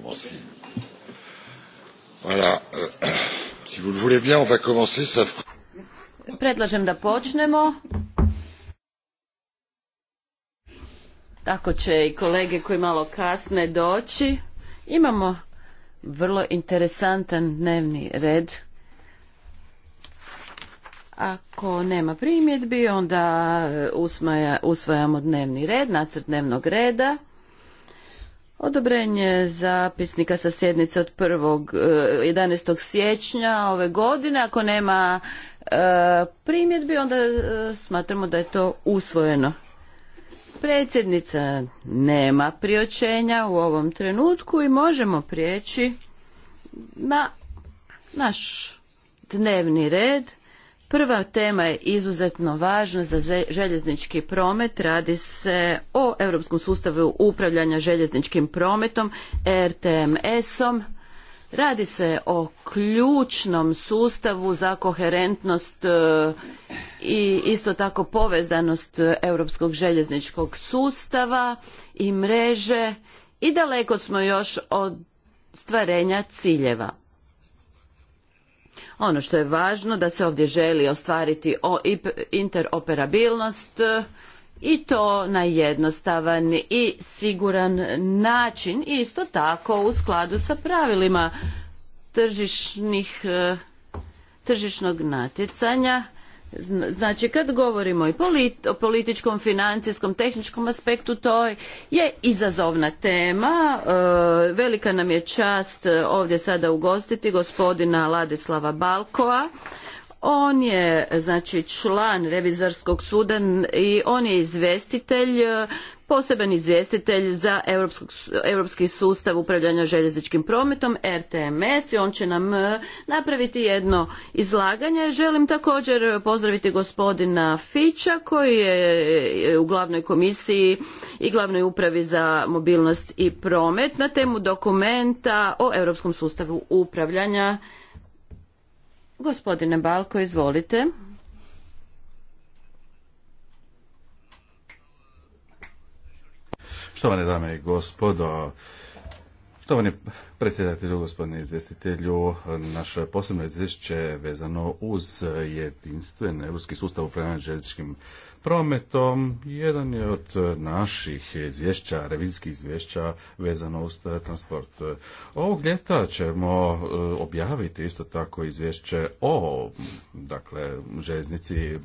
commencer. Voilà. Euh, si vous le voulez bien, Predlažem da počnemo. Tako će i kolege koji malo kasne doći. Imamo vrlo interesantan dnevni red. Ako nema primjedbi, onda e, usmaja, usvajamo dnevni red, nacrt dnevnog reda. Odobrenje zapisnika sa sjednice od 1. 11. E, siječnja ove godine. Ako nema e, primjedbi, onda e, smatramo da je to usvojeno. Predsjednica nema priočenja u ovom trenutku i možemo prijeći na naš dnevni red. Prva tema je izuzetno važna za željeznički promet. Radi se o Europskom sustavu upravljanja željezničkim prometom, RTMS-om. Radi se o ključnom sustavu za koherentnost e, i isto tako povezanost europskog željezničkog sustava i mreže i daleko smo još od stvarenja ciljeva. Ono što je važno da se ovdje želi ostvariti interoperabilnost eh, i to na jednostavan i siguran način i isto tako u skladu sa pravilima tržišnih, eh, tržišnog natjecanja Znači kad govorimo i o političkom, financijskom, tehničkom aspektu, to je izazovna tema. E, velika nam je čast e, ovdje sada ugostiti gospodina Ladislava Balkova. On je e, znači član revizorskog suda i on je izvjestitelj poseban izvjestitelj za europski sustav upravljanja željezničkim prometom RTMS i on će nam e, napraviti jedno izlaganje. Želim također pozdraviti gospodina Fića koji je e, u glavnoj komisiji i glavnoj upravi za mobilnost i promet na temu dokumenta o europskom sustavu upravljanja. Gospodine Balko, izvolite. Štovane dame i gospodo, Štovani predsjedatelju, gospodine izvjestitelju, naše posebno izvješće vezano uz jedinstven europski sustav upravljanja željezničkim prometom, jedan je od naših izvješća, revizijskih izvješća vezano uz transport. Ovog ljeta ćemo e, objaviti isto tako izvješće o dakle, željeznici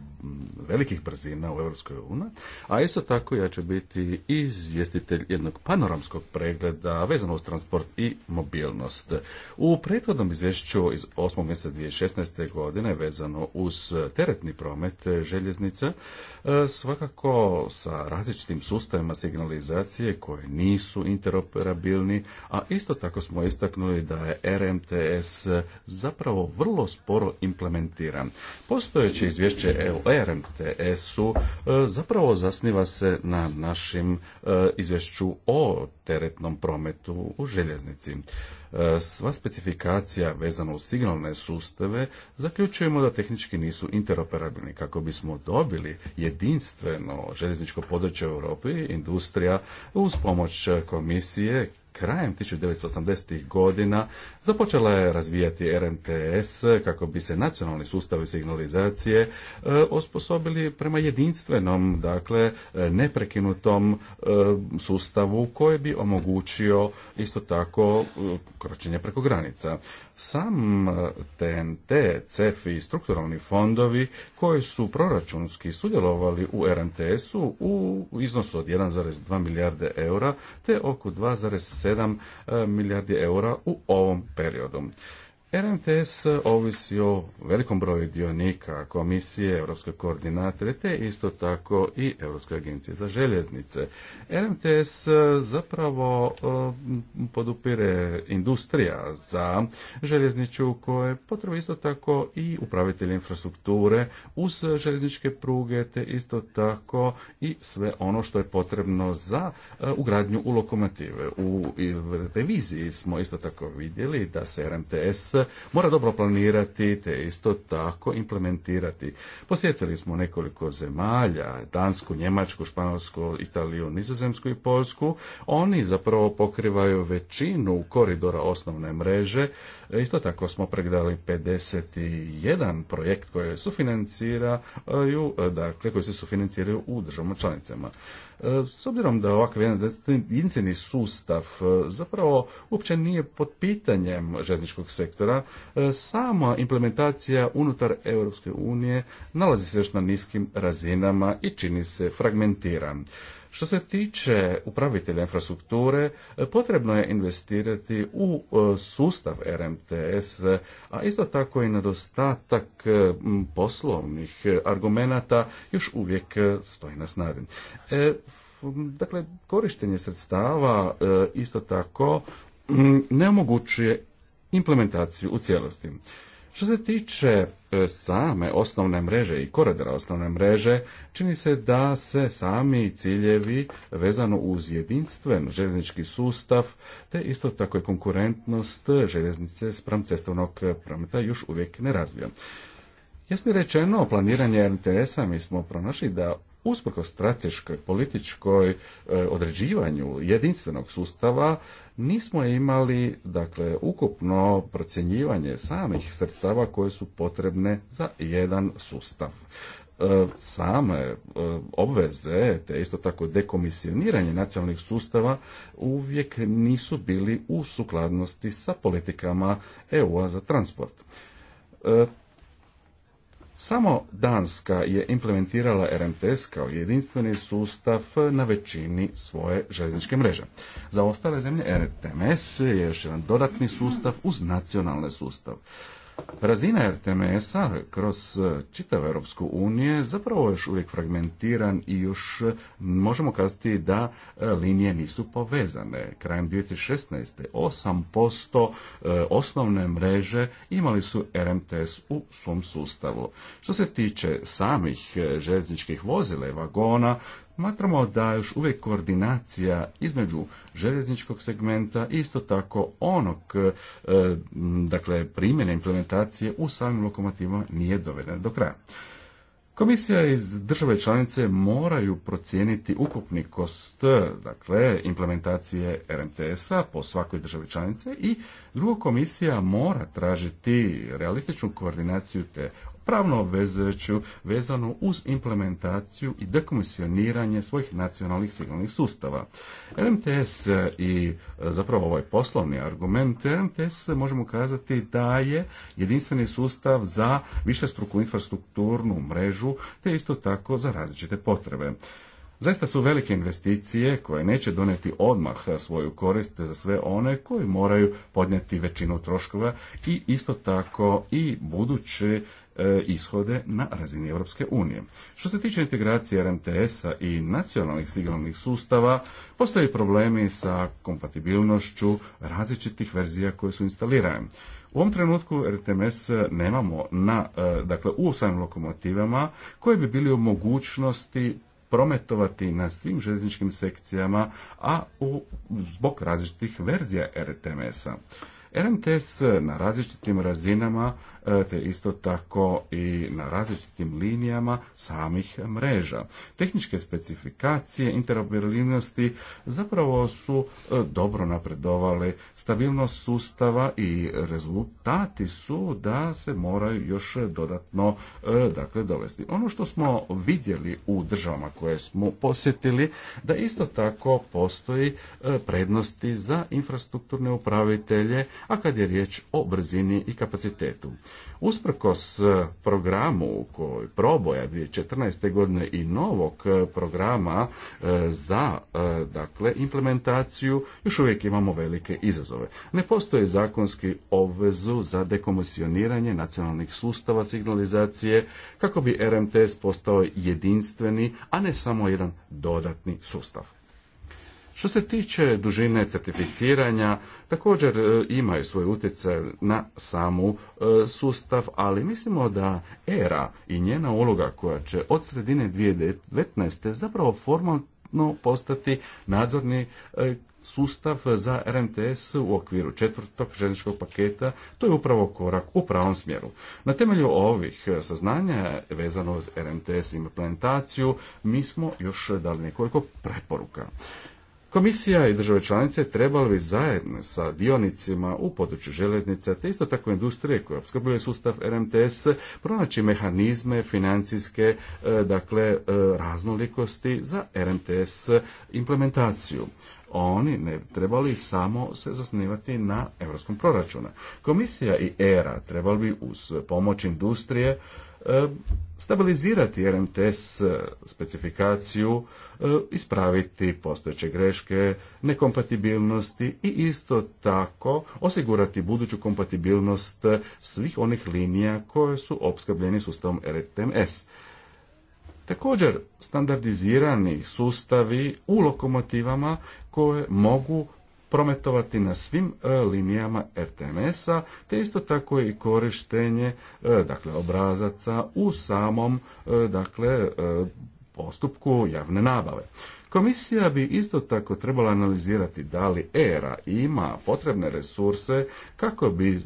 velikih brzina u Europskoj uniji, a isto tako ja ću biti izvjestitelj jednog panoramskog pregleda vezano uz transport i mobilnost. U prethodnom izvješću iz 8. mjeseca 2016. godine vezano uz teretni promet željeznica, e, svakako sa različitim sustavima signalizacije koje nisu interoperabilni, a isto tako smo istaknuli da je RMTS zapravo vrlo sporo implementiran. Postojeće izvješće e rmts u e, zapravo zasniva se na našim e, izvješću o teretnom prometu u željeznici. E, sva specifikacija vezana u signalne sustave zaključujemo da tehnički nisu interoperabilni. Kako bismo dobili jedinstveno željezničko područje u Europi, industrija uz pomoć komisije krajem 1980. godina započela je razvijati RMTS kako bi se nacionalni sustavi signalizacije e, osposobili prema jedinstvenom, dakle e, neprekinutom e, sustavu koji bi omogućio isto tako kročenje preko granica. Sam TNT, CEF i strukturalni fondovi koji su proračunski sudjelovali u RMTS-u u iznosu od 1,2 milijarde eura te oko 2,7 milijardi eura u ovom periodom. RMTS ovisi o velikom broju dionika, komisije, Europske koordinatore, te isto tako i Europske agencije za željeznice. RMTS zapravo eh, podupire industrija za željezniču koje potrebuje isto tako i upravitelj infrastrukture uz željezničke pruge, te isto tako i sve ono što je potrebno za eh, ugradnju u lokomotive. U reviziji smo isto tako vidjeli da se RMTS mora dobro planirati te isto tako implementirati. Posjetili smo nekoliko zemalja, Dansku, Njemačku, Španjolsku, Italiju, Nizozemsku i Poljsku. Oni zapravo pokrivaju većinu koridora osnovne mreže. Isto tako smo pregledali 51 projekt koje sufinanciraju, dakle koji se sufinanciraju u državama članicama. E, s obzirom da ovakav jedan jedinstveni sustav e, zapravo uopće nije pod pitanjem željezničkog sektora, e, sama implementacija unutar Europske unije nalazi se još na niskim razinama i čini se fragmentiran. Što se tiče upravitelja infrastrukture, potrebno je investirati u e, sustav RMTS, a isto tako i nedostatak e, poslovnih e, argumenata još uvijek stoji na snazi. Dakle, korištenje sredstava isto tako ne omogućuje implementaciju u cijelosti. Što se tiče e, same osnovne mreže i koridora osnovne mreže, čini se da se sami ciljevi vezano uz jedinstven željeznički sustav, te isto tako i konkurentnost željeznice spram cestovnog prometa još uvijek ne razvija. Jasno rečeno, planiranje RTS-a mi smo pronašli da usprkos strateškoj, političkoj e, određivanju jedinstvenog sustava nismo imali dakle ukupno procjenjivanje samih sredstava koje su potrebne za jedan sustav e, same e, obveze, te isto tako dekomisioniranje nacionalnih sustava uvijek nisu bili u sukladnosti sa politikama EU-a za transport. E, samo Danska je implementirala RMTS kao jedinstveni sustav na većini svoje željezničke mreže. Za ostale zemlje RTMS je još jedan dodatni sustav uz nacionalne sustav. Razina RTMS-a kroz e, čitavu Europsku uniju zapravo još uvijek fragmentiran i još e, možemo kazati da e, linije nisu povezane. Krajem 2016. 8% osnovne mreže imali su RMTS u svom sustavu. Što se tiče samih željezničkih vozila i vagona, Smatramo da još uvijek koordinacija između željezničkog segmenta i isto tako onog e, dakle primjene implementacije u samim lokomotivama nije dovedena do kraja. Komisija iz države članice moraju procijeniti ukupni kost, dakle, implementacije RMTS-a po svakoj državi članice i drugo komisija mora tražiti realističnu koordinaciju te pravno obvezujuću vezanu uz implementaciju i dekomisioniranje svojih nacionalnih signalnih sustava. RMTS i e, zapravo ovaj poslovni argument RMTS možemo kazati da je jedinstveni sustav za višestruku infrastrukturnu mrežu te isto tako za različite potrebe. Zaista su velike investicije koje neće doneti odmah svoju korist za sve one koji moraju podnijeti većinu troškova i isto tako i buduće e, ishode na razini Europske unije. Što se tiče integracije RMTS-a i nacionalnih sigurnih sustava, postoje problemi sa kompatibilnošću različitih verzija koje su instalirane. U ovom trenutku RTMS nemamo na, e, dakle, u samim lokomotivama koje bi bili u mogućnosti prometovati na svim željezničkim sekcijama, a u, zbog različitih verzija RTMS-a. RMTS na različitim razinama E, te isto tako i na različitim linijama samih mreža. Tehničke specifikacije interoperabilnosti zapravo su e, dobro napredovale, stabilnost sustava i rezultati su da se moraju još dodatno e, dakle dovesti. Ono što smo vidjeli u državama koje smo posjetili, da isto tako postoji prednosti za infrastrukturne upravitelje, a kad je riječ o brzini i kapacitetu. Usprkos e, programu koji proboja 2014. godine i novog e, programa e, za dakle implementaciju još uvijek imamo velike izazove. Ne postoji zakonski obvezu za dekomisioniranje nacionalnih sustava signalizacije kako bi RMTS postao jedinstveni, a ne samo jedan dodatni sustav. Što se tiče dužine certificiranja, također e, imaju svoj utjecaj na samu e, sustav, ali mislimo da ERA i njena uloga koja će od sredine 2019. zapravo formalno postati nadzorni e, sustav za RMTS u okviru četvrtog željezničkog paketa, to je upravo korak u pravom smjeru. Na temelju ovih saznanja vezano uz RMTS implementaciju, mi smo još dali nekoliko preporuka. Komisija i države članice trebali bi zajedno sa dionicima u području željeznica, te isto tako industrije koje opskrbljuje sustav RMTS, pronaći mehanizme financijske, e, dakle, e, raznolikosti za RMTS implementaciju oni ne trebali samo se zasnivati na europskom proračunu. Komisija i ERA trebali bi uz pomoć industrije E, stabilizirati RMTS e, specifikaciju, e, ispraviti postojeće greške, nekompatibilnosti i isto tako osigurati buduću kompatibilnost svih onih linija koje su opskrbljeni sustavom RTMS. Također standardizirani sustavi u lokomotivama koje mogu prometovati na svim e, linijama RTMS-a, te isto tako i korištenje e, dakle, obrazaca u samom e, dakle, postupku javne nabave. Komisija bi isto tako trebala analizirati da li ERA ima potrebne resurse kako bi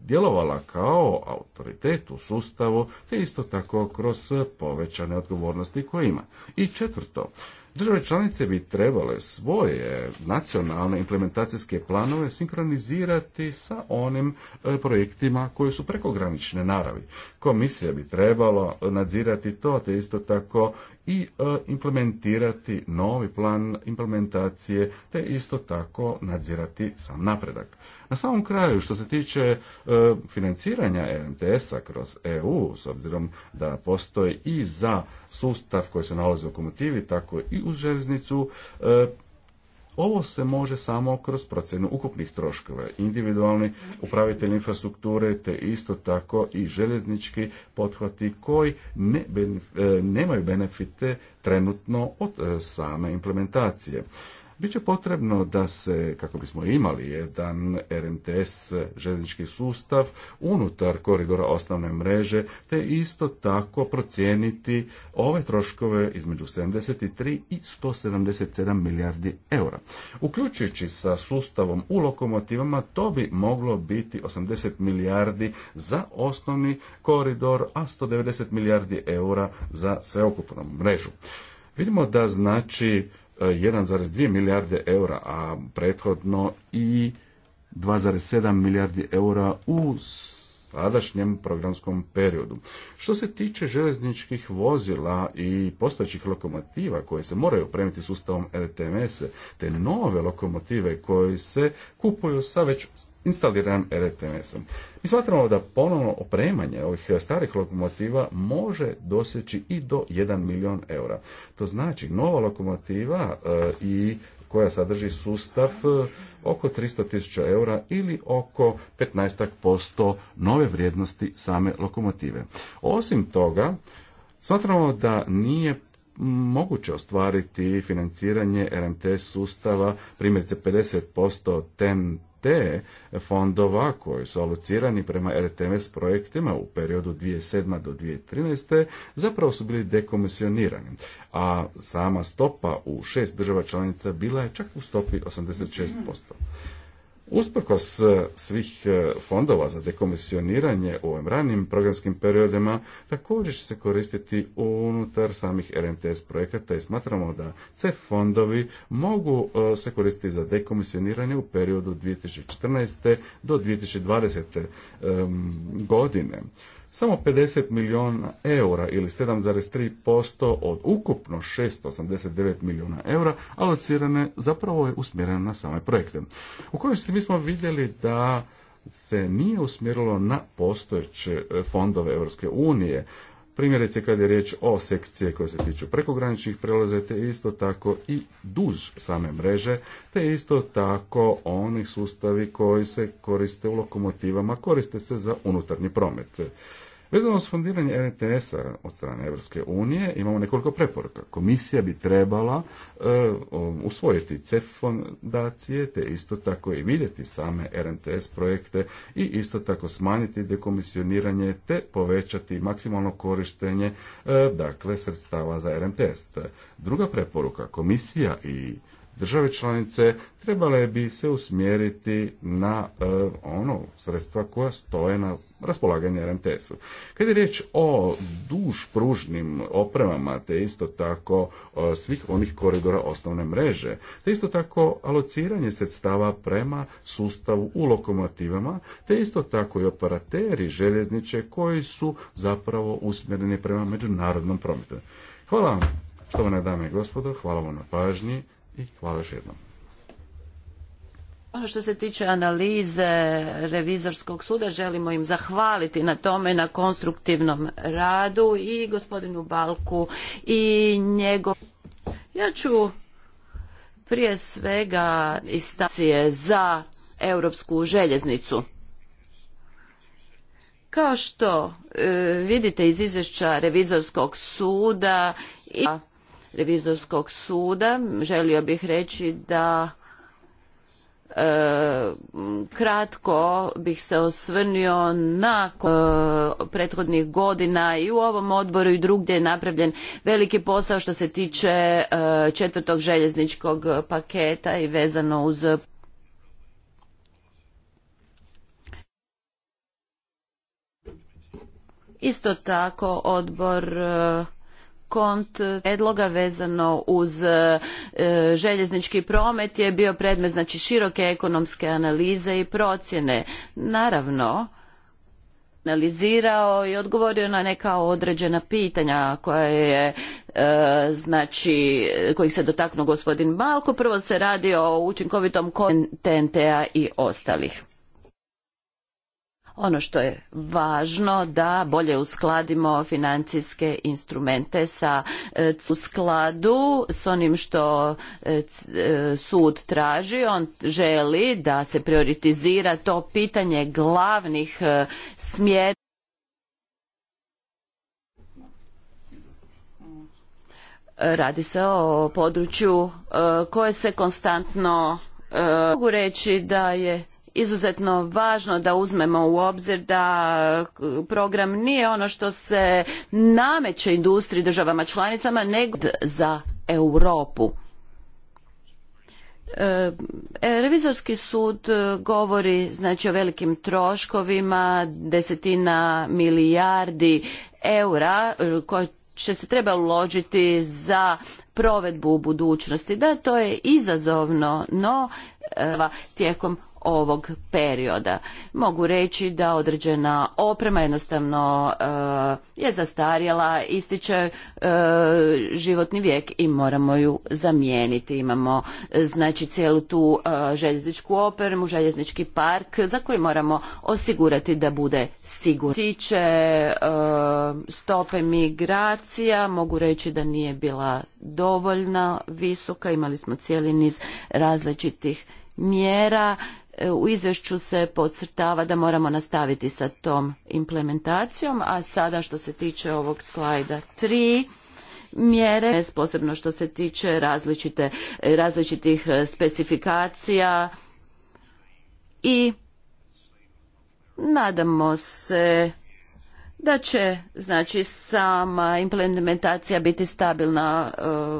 djelovala kao autoritet u sustavu, te isto tako kroz povećane odgovornosti koje ima. I četvrto, Države članice bi trebale svoje nacionalne implementacijske planove sinkronizirati sa onim e, projektima koji su prekogranične naravi. Komisija bi trebalo nadzirati to, te isto tako i e, implementirati novi plan implementacije, te isto tako nadzirati sam napredak. Na samom kraju, što se tiče e, financiranja RMTS-a kroz EU, s obzirom da postoji i za sustav koji se nalazi u lokomotivi, tako i u željeznicu, e, ovo se može samo kroz procjenu ukupnih troškova. Individualni upravitelj infrastrukture te isto tako i željeznički pothvati koji ne, e, nemaju benefite trenutno od same implementacije. Biće potrebno da se, kako bismo imali jedan RMTS željeznički sustav unutar koridora osnovne mreže, te isto tako procijeniti ove troškove između 73 i 177 milijardi eura. Uključujući sa sustavom u lokomotivama, to bi moglo biti 80 milijardi za osnovni koridor, a 190 milijardi eura za sveokupnu mrežu. Vidimo da znači 1,2 milijarde eura, a prethodno i 2,7 milijardi eura u sadašnjem programskom periodu. Što se tiče željezničkih vozila i postojećih lokomotiva koje se moraju opremiti sustavom RTMS, te nove lokomotive koje se kupuju sa već instaliran RTMS-om. Mi smatramo da ponovno opremanje ovih starih lokomotiva može doseći i do 1 milijun eura. To znači nova lokomotiva e, i koja sadrži sustav e, oko 300 tisuća eura ili oko 15% nove vrijednosti same lokomotive. Osim toga, smatramo da nije moguće ostvariti financiranje RMT sustava, primjerice 50% TEN te fondova koji su alocirani prema RTMS projektima u periodu 2007. do 2013. zapravo su bili dekomisionirani, a sama stopa u šest država članica bila je čak u stopi 86%. Usprkos e, svih e, fondova za dekomisioniranje u ovim ranim programskim periodima također će se koristiti unutar samih RMTS projekata i smatramo da CEF fondovi mogu e, se koristiti za dekomisioniranje u periodu 2014. do 2020. godine samo 50 milijuna eura ili 7,3% od ukupno 689 milijuna eura alocirane zapravo je usmjereno na same projekte. U kojoj mi smo vidjeli da se nije usmjerilo na postojeće e, fondove Europske unije, primjerice kad je riječ o sekcije koje se tiču prekograničnih prelaze, te isto tako i duž same mreže, te isto tako oni sustavi koji se koriste u lokomotivama, koriste se za unutarnji promet. Vezano s fondiranje RTS-a od strane Europske unije imamo nekoliko preporuka. Komisija bi trebala eh, um, usvojiti CEF fondacije, te isto tako i vidjeti same RTS projekte i isto tako smanjiti dekomisioniranje te povećati maksimalno korištenje eh, dakle sredstava za RTS. Druga preporuka, komisija i države članice trebale bi se usmjeriti na e, ono sredstva koja stoje na raspolaganje RMTS-u. Kad je riječ o duž pružnim opremama, te isto tako e, svih onih koridora osnovne mreže, te isto tako alociranje sredstava prema sustavu u lokomotivama, te isto tako i operateri željezniče koji su zapravo usmjereni prema međunarodnom prometu. Hvala vam, štovane dame i gospodo, hvala vam na pažnji. Ono što se tiče analize revizorskog suda, želimo im zahvaliti na tome, na konstruktivnom radu i gospodinu Balku i njegov... Ja ću prije svega istacije za europsku željeznicu. Kao što e, vidite iz izvješća revizorskog suda i revizorskog suda. Želio bih reći da e, kratko bih se osvrnio na e, prethodnih godina i u ovom odboru i drugdje je napravljen veliki posao što se tiče e, četvrtog željezničkog paketa i vezano uz Isto tako odbor e, kont predloga vezano uz e, željeznički promet je bio predmet znači široke ekonomske analize i procjene. Naravno, analizirao i odgovorio na neka određena pitanja koja je e, znači kojih se dotaknuo gospodin Balko. Prvo se radi o učinkovitom tnt i ostalih. Ono što je važno da bolje uskladimo financijske instrumente sa e, u skladu s onim što e, e, sud traži. On želi da se prioritizira to pitanje glavnih smjera radi se o području koje se konstantno mogu reći da je izuzetno važno da uzmemo u obzir da program nije ono što se nameće industriji državama članicama nego za Europu. E, e, revizorski sud govori znači o velikim troškovima, desetina milijardi eura e, koje će se treba uložiti za provedbu u budućnosti. Da, to je izazovno, no tijekom ovog perioda. Mogu reći da određena oprema jednostavno e, je zastarjela, ističe e, životni vijek i moramo ju zamijeniti. Imamo e, znači cijelu tu željezničku opremu, željeznički park za koji moramo osigurati da bude sigurno. Tiče stope migracija, mogu reći da nije bila dovoljna visoka, imali smo cijeli niz različitih mjera E, u izvješću se podcrtava da moramo nastaviti sa tom implementacijom, a sada što se tiče ovog slajda tri mjere, posebno što se tiče različite, e, različitih e, specifikacija i nadamo se da će znači sama implementacija biti stabilna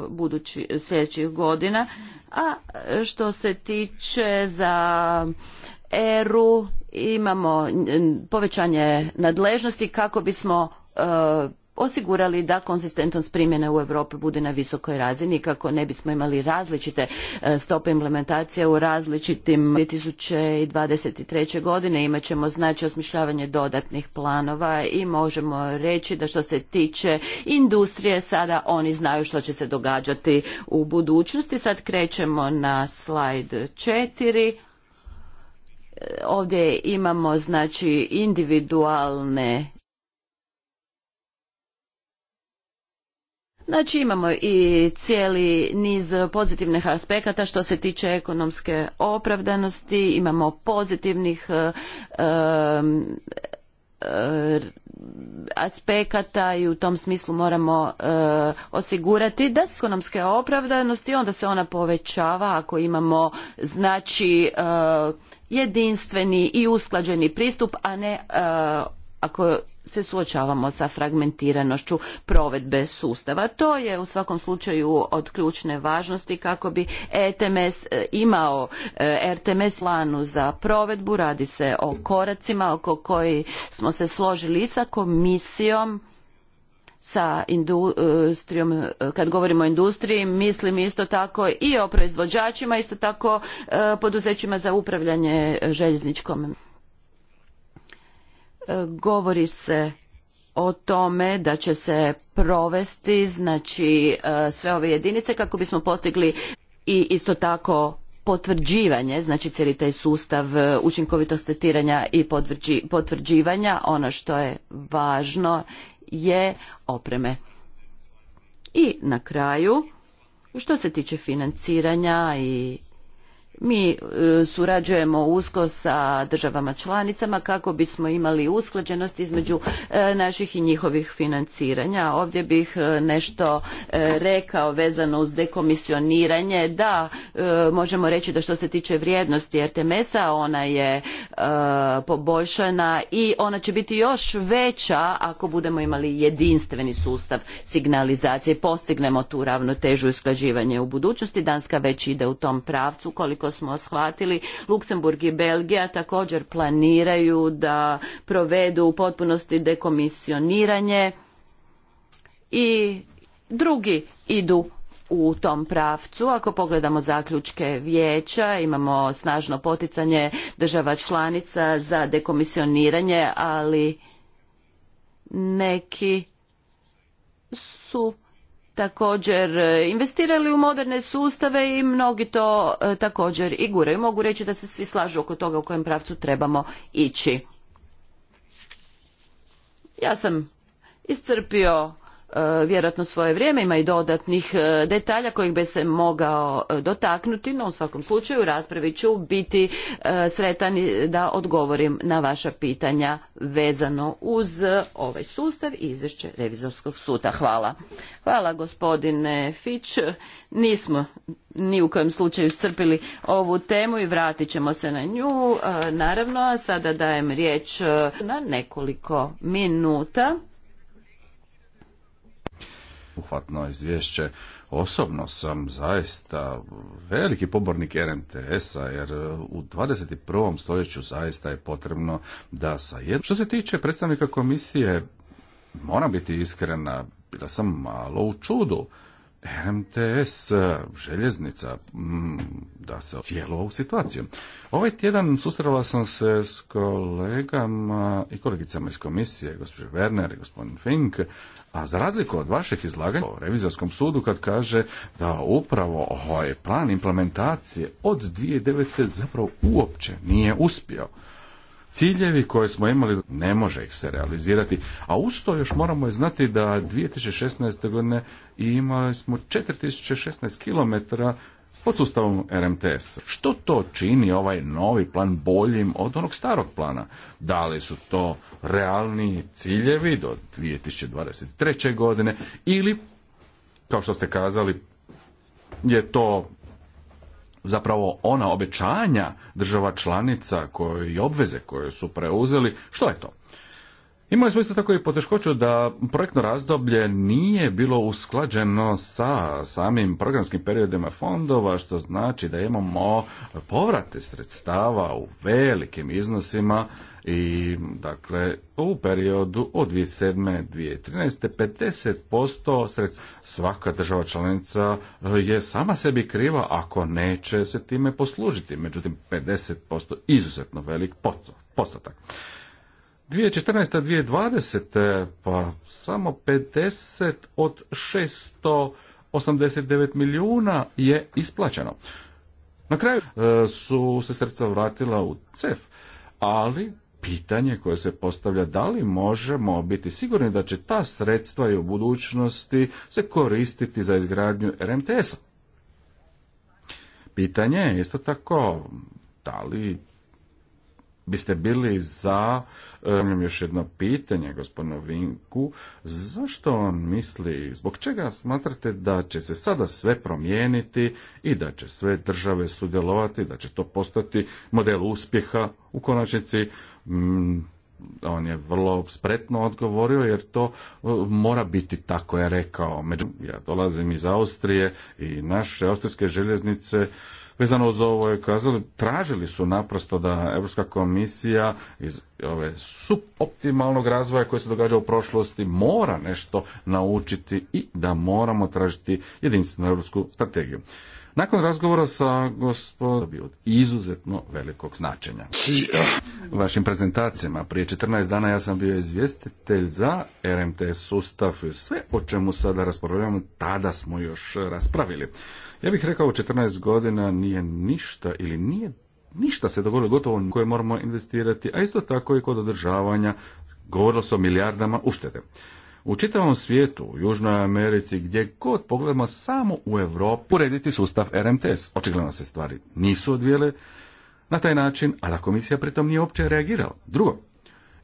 budući sljedećih godina a što se tiče za eru imamo povećanje nadležnosti kako bismo e, osigurali da konzistentnost primjene u Europi bude na visokoj razini kako ne bismo imali različite e, stope implementacije u različitim 2023. godine imat ćemo znači osmišljavanje dodatnih planova i možemo reći da što se tiče industrije sada oni znaju što će se događati u budućnosti. Sad krećemo na slajd 4 e, ovdje imamo znači individualne Znači imamo i cijeli niz pozitivnih aspekata što se tiče ekonomske opravdanosti, imamo pozitivnih e, e, aspekata i u tom smislu moramo e, osigurati da se ekonomske opravdanosti onda se ona povećava ako imamo znači jedinstveni i usklađeni pristup, a ne ako se suočavamo sa fragmentiranošću provedbe sustava. To je u svakom slučaju od ključne važnosti kako bi ETMS e, imao e, RTMS planu za provedbu. Radi se o koracima oko koji smo se složili i sa komisijom sa industrijom, e, kad govorimo o industriji, mislim isto tako i o proizvođačima, isto tako poduzećima za upravljanje željezničkom govori se o tome da će se provesti znači e, sve ove jedinice kako bismo postigli i isto tako potvrđivanje, znači cijeli taj sustav e, učinkovitosti testiranja i potvrđivanja, ono što je važno je opreme. I na kraju, što se tiče financiranja i mi e, surađujemo usko sa državama članicama kako bismo imali usklađenost između e, naših i njihovih financiranja. Ovdje bih e, nešto rekao vezano uz dekomisioniranje. Da, možemo reći da što se tiče vrijednosti RTMS-a ona je poboljšana i ona će biti još veća ako budemo imali jedinstveni sustav signalizacije. Postignemo tu ravnotežu i usklađivanje u budućnosti. Danska već ide u tom pravcu koliko koliko smo shvatili. Luksemburg i Belgija također planiraju da provedu u potpunosti dekomisioniranje i drugi idu u tom pravcu. Ako pogledamo zaključke vijeća, imamo snažno poticanje država članica za dekomisioniranje, ali neki su također e, investirali u moderne sustave i mnogi to e, također i guraju. Mogu reći da se svi slažu oko toga u kojem pravcu trebamo ići. Ja sam iscrpio E, vjerojatno svoje vrijeme, ima i dodatnih e, detalja kojih bi se mogao e, dotaknuti, no u svakom slučaju raspravi ću biti sretan da odgovorim na vaša pitanja vezano uz ovaj sustav i izvješće revizorskog suda. Hvala. Hvala gospodine Fić. Nismo ni u kojem slučaju iscrpili ovu temu i vratit ćemo se na nju. Naravno, sada dajem riječ na nekoliko minuta sveobuhvatno izvješće. Osobno sam zaista veliki pobornik RMTS-a jer u 21. stoljeću zaista je potrebno da sa jednom... Što se tiče predstavnika komisije, moram biti iskrena, bila sam malo u čudu. RMTS, željeznica, mm, da se cijelo ovu situaciju. Ovaj tjedan susrela sam se s kolegama i kolegicama iz komisije, gospođe Werner i gospodin Fink, a za razliku od vašeg izlaganja o revizorskom sudu kad kaže da upravo ovaj plan implementacije od 2009. zapravo uopće nije uspio. Ciljevi koje smo imali ne može ih se realizirati, a to još moramo je znati da 2016. godine imali smo 4016 km pod sustavom RMTS. Što to čini ovaj novi plan boljim od onog starog plana? Da li su to realni ciljevi do 2023. godine ili, kao što ste kazali, je to zapravo ona obećanja država članica koje i obveze koje su preuzeli, što je to? Imali smo isto tako i poteškoću da projektno razdoblje nije bilo usklađeno sa samim programskim periodima fondova, što znači da imamo povrate sredstava u velikim iznosima i dakle u periodu od 2007. 2013. 50% sredstava svaka država članica je sama sebi kriva ako neće se time poslužiti. Međutim, 50% izuzetno velik postotak. 2014. 2020. pa samo 50 od 689 milijuna je isplaćeno. Na kraju e, su se srca vratila u CEF, ali pitanje koje se postavlja da li možemo biti sigurni da će ta sredstva i u budućnosti se koristiti za izgradnju RMTS-a. Pitanje je isto tako da li biste bili za, imam još jedno pitanje gospodinu Vinku, zašto on misli, zbog čega smatrate da će se sada sve promijeniti i da će sve države sudjelovati, da će to postati model uspjeha u konačnici, mm, on je vrlo spretno odgovorio jer to e, mora biti tako je rekao. ja dolazim iz Austrije i naše austrijske željeznice Vezano uz ovo je kazali, tražili su naprosto da Europska komisija iz ove suboptimalnog razvoja koji se događa u prošlosti mora nešto naučiti i da moramo tražiti jedinstvenu europsku strategiju. Nakon razgovora sa gospodom od izuzetno velikog značenja. Eh. vašim prezentacijama prije 14 dana ja sam bio izvjestitelj za RMT sustav. Sve o čemu sada raspravljamo tada smo još raspravili. Ja bih rekao 14 godina nije ništa ili nije ništa se dogodilo gotovo koje moramo investirati, a isto tako i kod održavanja govorilo se o milijardama uštede u čitavom svijetu, u Južnoj Americi, gdje god pogledamo samo u Europu, urediti sustav RMTS. Očigledno se stvari nisu odvijele na taj način, a da komisija pritom nije uopće reagirala. Drugo,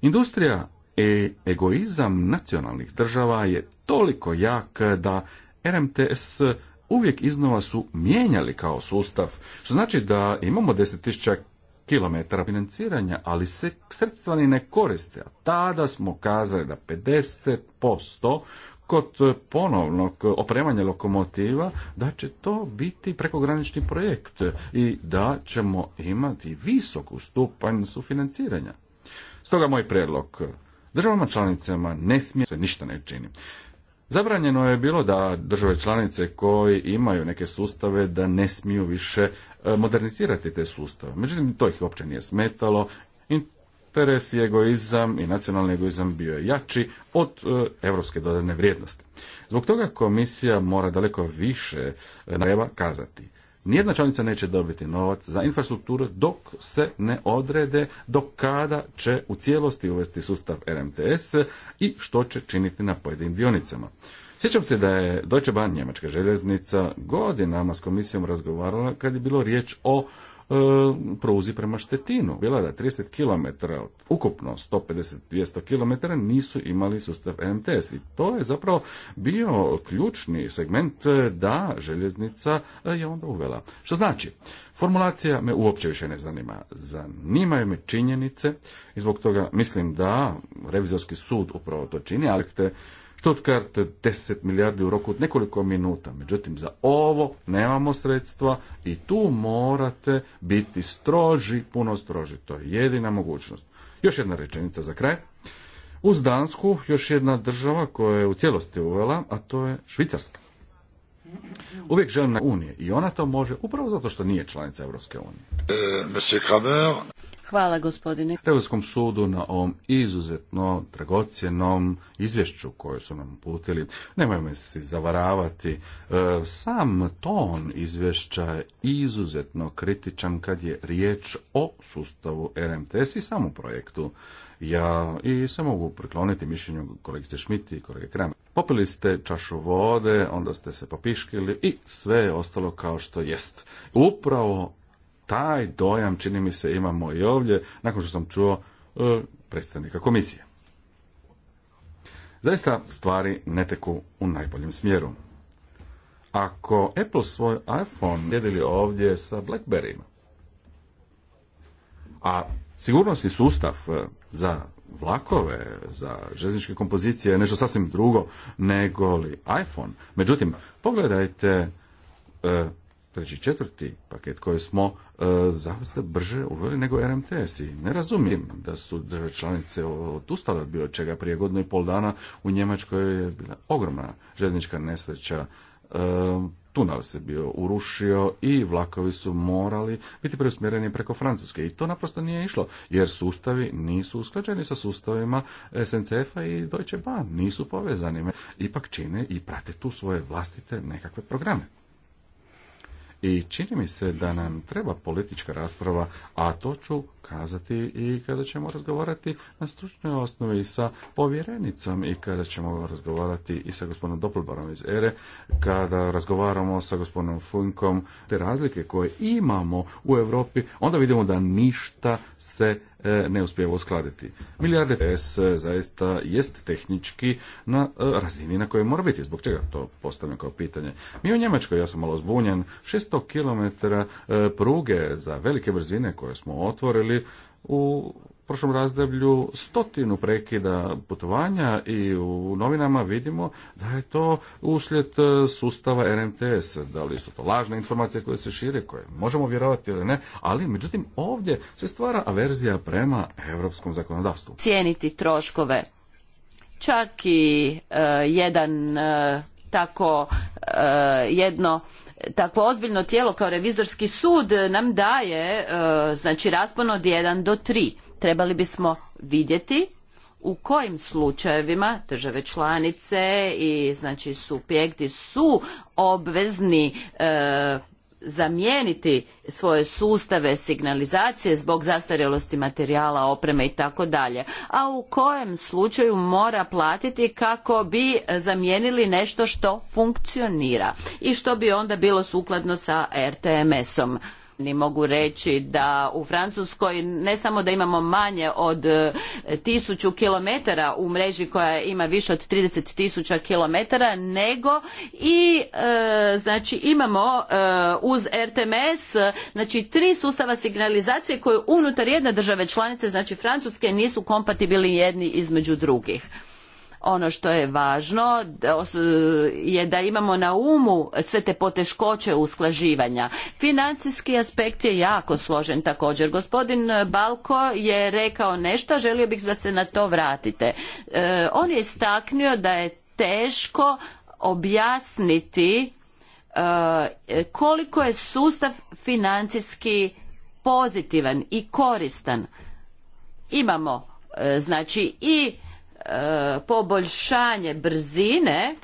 industrija i e- egoizam nacionalnih država je toliko jak da RMTS uvijek iznova su mijenjali kao sustav, što znači da imamo 10.000 kilometara financiranja, ali se sredstva ni ne koriste. A tada smo kazali da 50% kod ponovnog opremanja lokomotiva da će to biti prekogranični projekt i da ćemo imati visoku stupanj sufinanciranja. Stoga moj predlog, državama članicama ne smije se ništa ne čini. Zabranjeno je bilo da države članice koji imaju neke sustave da ne smiju više e, modernizirati te sustave. Međutim, to ih uopće nije smetalo. Interes i egoizam i nacionalni egoizam bio je jači od e, evropske dodane vrijednosti. Zbog toga komisija mora daleko više treba e, kazati. Nijedna članica neće dobiti novac za infrastrukturu dok se ne odrede do kada će u cijelosti uvesti sustav RMTS i što će činiti na pojedinim dionicama. Sjećam se da je Deutsche Bahn, njemačka željeznica, godinama s komisijom razgovarala kad je bilo riječ o E, pruzi prema Štetinu. Bila da 30 km, ukupno 150-200 km nisu imali sustav e MTS i to je zapravo bio ključni segment e, da željeznica je onda uvela. Što znači, formulacija me uopće više ne zanima. Zanimaju me činjenice i zbog toga mislim da revizorski sud upravo to čini, ali te Stuttgart 10 milijardi u roku od nekoliko minuta. Međutim, za ovo nemamo sredstva i tu morate biti stroži, puno stroži. To je jedina mogućnost. Još jedna rečenica za kraj. Uz Dansku još jedna država koja je u cijelosti uvela, a to je Švicarska. Uvijek želim na Unije i ona to može upravo zato što nije članica Europske unije. E, Hvala gospodine. Hrvatskom sudu na ovom izuzetno dragocjenom izvješću koje su nam putili. Nemojme se zavaravati. E, sam ton izvješća je izuzetno kritičan kad je riječ o sustavu RMTS i samom projektu. Ja i se mogu prikloniti mišljenju kolegice Šmiti i kolege Kramer. Popili ste čašu vode, onda ste se popiškili i sve je ostalo kao što jest. Upravo taj dojam, čini mi se, imamo i ovdje, nakon što sam čuo e, predstavnika komisije. Zaista stvari ne teku u najboljem smjeru. Ako Apple svoj iPhone jedili ovdje sa blackberry a sigurnosni sustav e, za vlakove, za željezničke kompozicije je nešto sasvim drugo nego li iPhone. Međutim, pogledajte e, treći, četvrti paket koji smo e, brže uveli nego RMTS i ne razumijem da su države članice odustale od bilo čega prije godinu i pol dana u Njemačkoj je bila ogromna željeznička nesreća e, tunel se bio urušio i vlakovi su morali biti preusmjereni preko Francuske i to naprosto nije išlo jer sustavi nisu usklađeni sa sustavima SNCF-a i Deutsche Bahn, nisu povezani, ipak čine i prate tu svoje vlastite nekakve programe. I čini mi se da nam treba politička rasprava, a to ću kazati i kada ćemo razgovarati na stručnoj osnovi sa povjerenicom i kada ćemo razgovarati i sa gospodinom Doppelbarom iz ERE, kada razgovaramo sa gospodinom Funkom, te razlike koje imamo u Europi, onda vidimo da ništa se E, ne uspijeva uskladiti. Milijarde PS e, zaista jest tehnički na e, razini na kojoj mora biti. Zbog čega to postavljam kao pitanje? Mi u Njemačkoj, ja sam malo zbunjen, 600 km pruge za velike brzine koje smo otvorili u prošlom razdoblju stotinu prekida putovanja i u novinama vidimo da je to uslijed e, sustava RMTS. Da li su to lažne informacije koje se šire, koje možemo vjerovati ili ne, ali međutim ovdje se stvara averzija prema europskom zakonodavstvu. Cijeniti troškove. Čak i e, jedan e, tako jedno takvo ozbiljno tijelo kao revizorski sud nam daje znači raspon od 1 do 3 trebali bismo vidjeti u kojim slučajevima države članice i znači subjekti su obvezni e, zamijeniti svoje sustave signalizacije zbog zastarjelosti materijala, opreme i tako dalje, a u kojem slučaju mora platiti kako bi zamijenili nešto što funkcionira i što bi onda bilo sukladno sa RTMS-om ni mogu reći da u Francuskoj ne samo da imamo manje od e, tisuću kilometara u mreži koja ima više od 30 tisuća kilometara, nego i e, znači imamo e, uz RTMS znači tri sustava signalizacije koje unutar jedne države članice, znači Francuske, nisu kompatibilni jedni između drugih. Ono što je važno je da imamo na umu sve te poteškoće usklađivanja. Financijski aspekt je jako složen također. Gospodin Balko je rekao nešto, želio bih da se na to vratite. E, on je istaknio da je teško objasniti e, koliko je sustav financijski pozitivan i koristan. Imamo e, znači i E, poboljšanje brzine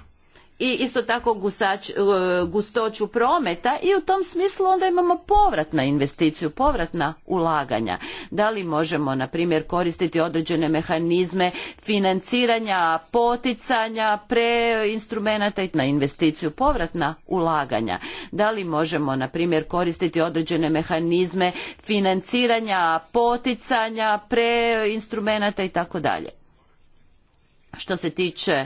i isto tako e, gustoću prometa i u tom smislu onda imamo povrat na investiciju, povratna ulaganja. Da li možemo, na primjer, koristiti određene mehanizme financiranja, poticanja, i na investiciju, povratna ulaganja. Da li možemo, na primjer, koristiti određene mehanizme financiranja, poticanja, preinstrumenata i tako dalje. Što se tiče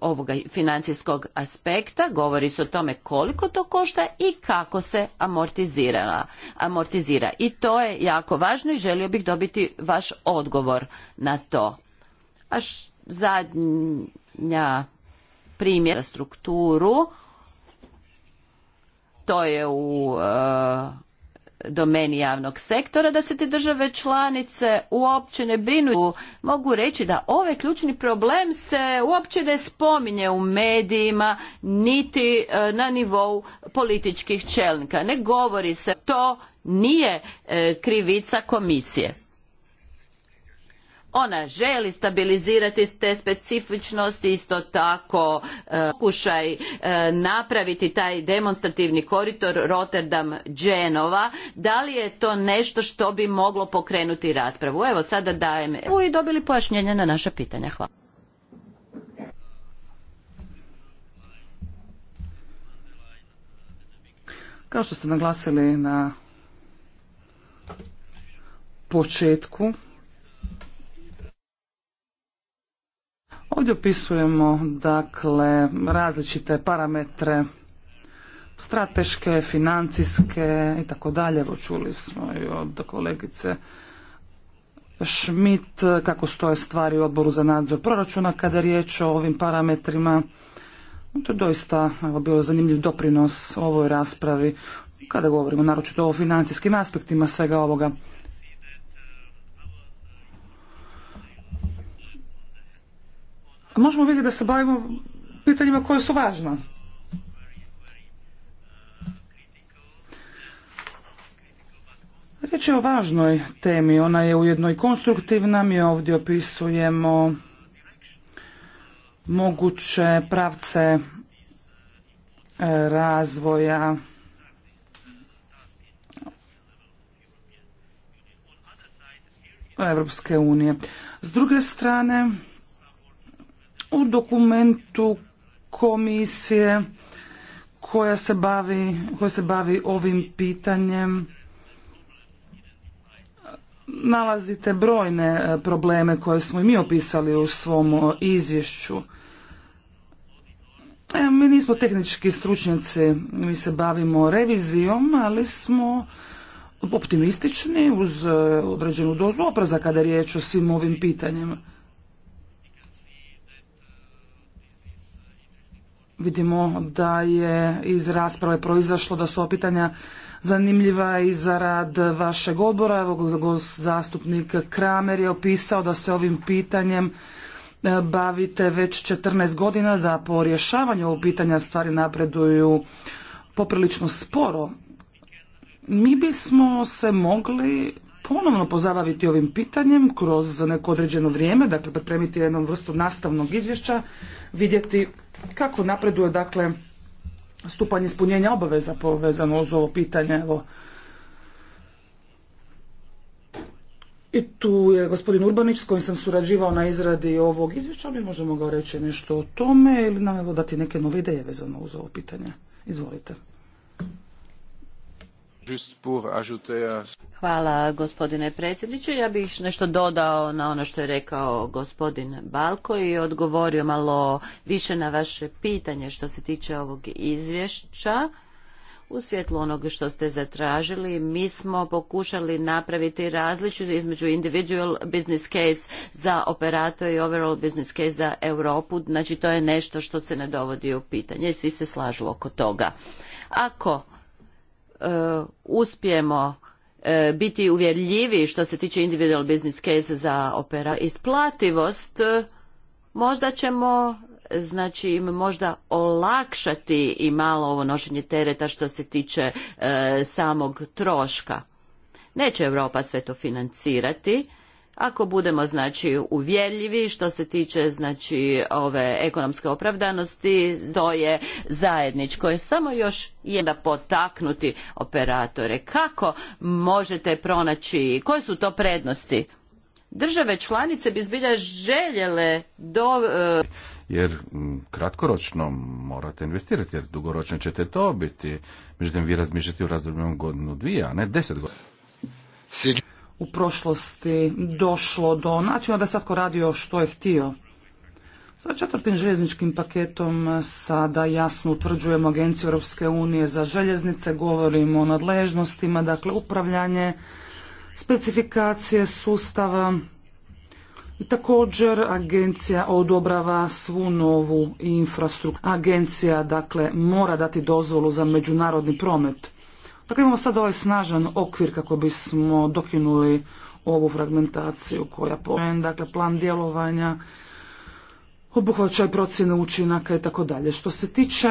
ovoga financijskog aspekta, govori se o tome koliko to košta i kako se amortizira. amortizira. I to je jako važno i želio bih dobiti vaš odgovor na to. A zadnja primjer strukturu, to je u e, domeni javnog sektora, da se te države članice uopće ne brinu. Mogu reći da ovaj ključni problem se uopće ne spominje u medijima, niti e, na nivou političkih čelnika. Ne govori se, to nije e, krivica komisije. Ona želi stabilizirati te specifičnosti, isto tako e, pokušaj e, napraviti taj demonstrativni koridor rotterdam Genova. Da li je to nešto što bi moglo pokrenuti raspravu? Evo sada dajem e, i dobili pojašnjenja na naša pitanja. Hvala. Kao što ste naglasili na početku, Ovdje opisujemo dakle različite parametre strateške, financijske i tako dalje. Čuli smo i od kolegice Schmidt kako stoje stvari u odboru za nadzor proračuna kada je riječ o ovim parametrima. To je doista evo, bio zanimljiv doprinos ovoj raspravi kada govorimo naročito o financijskim aspektima svega ovoga. možemo vidjeti da se bavimo pitanjima koje su važna. Riječ je o važnoj temi, ona je ujedno i konstruktivna, mi ovdje opisujemo moguće pravce e, razvoja Europske unije. S druge strane, u dokumentu komisije koja se bavi, koja se bavi ovim pitanjem nalazite brojne e, probleme koje smo i mi opisali u svom e, izvješću. E, mi nismo tehnički stručnjaci, mi se bavimo revizijom, ali smo optimistični uz određenu dozu opraza kada je riječ o svim ovim pitanjima. Vidimo da je iz rasprave proizašlo da su ova pitanja zanimljiva i za rad vašeg odbora. Evo, zastupnik Kramer je opisao da se ovim pitanjem e, bavite već 14 godina, da po rješavanju ovog pitanja stvari napreduju poprilično sporo. Mi bismo se mogli ponovno pozabaviti ovim pitanjem kroz neko određeno vrijeme, dakle pripremiti jednom vrstu nastavnog izvješća, vidjeti kako napreduje dakle stupanj ispunjenja obaveza povezano uz ovo pitanje. Evo, I tu je gospodin Urbanić s kojim sam surađivao na izradi ovog izvješća, mi možemo ga reći nešto o tome ili nam evo dati neke nove ideje vezano uz ovo pitanje. Izvolite. Hvala gospodine predsjedniče. Ja bih nešto dodao na ono što je rekao gospodin Balko i odgovorio malo više na vaše pitanje što se tiče ovog izvješća. U svjetlu onog što ste zatražili, mi smo pokušali napraviti razliku između individual business case za operator i overall business case za Europu. Znači to je nešto što se ne dovodi u pitanje i svi se slažu oko toga. Ako E, uspijemo e, biti uvjerljivi što se tiče individual business case za opera isplativost, e, možda ćemo znači im možda olakšati i malo ovo nošenje tereta što se tiče samog troška. Neće Europa sve to financirati, ako budemo znači uvjerljivi što se tiče znači ove ekonomske opravdanosti to je zajedničko je samo još jedna potaknuti operatore kako možete pronaći koje su to prednosti države članice bi zbilja željele do e, jer kratkoročno morate investirati, jer dugoročno ćete to biti. Međutim, vi razmišljate u razdoblju godinu dvije, a ne deset godina u prošlosti došlo do načina da je svatko radio što je htio. Sa četvrtim željezničkim paketom sada jasno utvrđujemo Agenciju Europske unije za željeznice, govorimo o nadležnostima, dakle upravljanje, specifikacije sustava i također agencija odobrava svu novu infrastrukturu. Agencija dakle mora dati dozvolu za međunarodni promet. Dakle, imamo sad ovaj snažan okvir kako bismo dokinuli ovu fragmentaciju koja postoji, dakle, plan djelovanja, obuhvaćaj procjene učinaka i tako dalje. Što se tiče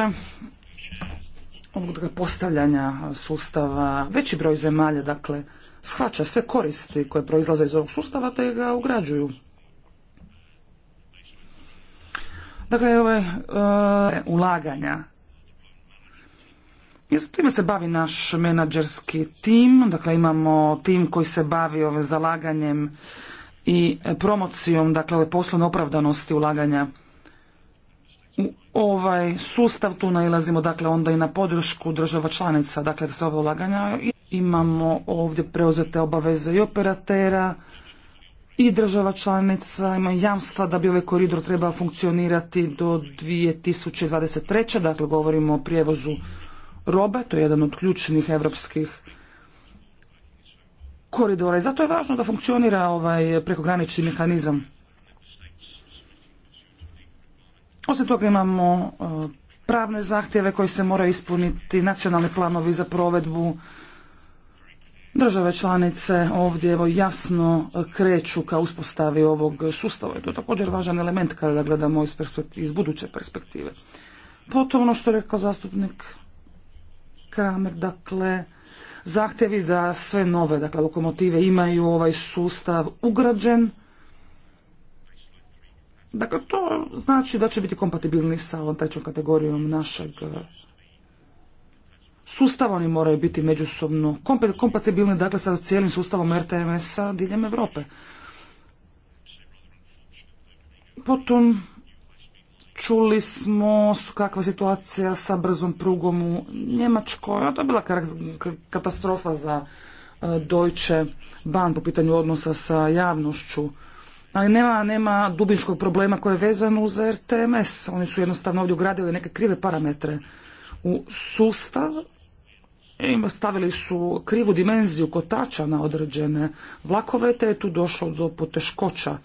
dakle, postavljanja sustava, veći broj zemalja, dakle, shvaća sve koristi koje proizlaze iz ovog sustava te ga ugrađuju. Dakle, ove e, ulaganja Isto time se bavi naš menadžerski tim, dakle imamo tim koji se bavi ove zalaganjem i promocijom, dakle ove poslovne opravdanosti ulaganja u ovaj sustav, tu nalazimo dakle onda i na podršku država članica, dakle za ove ulaganja. Imamo ovdje preuzete obaveze i operatera i država članica, ima jamstva da bi ovaj koridor trebao funkcionirati do 2023. Dakle, govorimo o prijevozu robe, to je jedan od ključnih europskih koridora i zato je važno da funkcionira ovaj prekogranični mehanizam. Osim toga imamo e, pravne zahtjeve koji se moraju ispuniti, nacionalni planovi za provedbu države članice ovdje evo jasno kreću ka uspostavi ovog sustava. To je također važan element kada gledamo iz, iz buduće perspektive. Potom ono što je rekao zastupnik Kramer, dakle, zahtjevi da sve nove dakle, lokomotive imaju ovaj sustav ugrađen. Dakle, to znači da će biti kompatibilni sa ovom trećom kategorijom našeg eh, sustava. Oni moraju biti međusobno kompatibilni dakle, sa cijelim sustavom RTMS-a diljem Europe. Potom, Čuli smo kakva je situacija sa brzom prugom u Njemačkoj. To je bila katastrofa za e, Deutsche Bahn po pitanju odnosa sa javnošću. Ali nema, nema dubinskog problema koji je vezan uz RTMS. Oni su jednostavno ovdje ugradili neke krive parametre u sustav i stavili su krivu dimenziju kotača na određene vlakove, te je tu došlo do poteškoća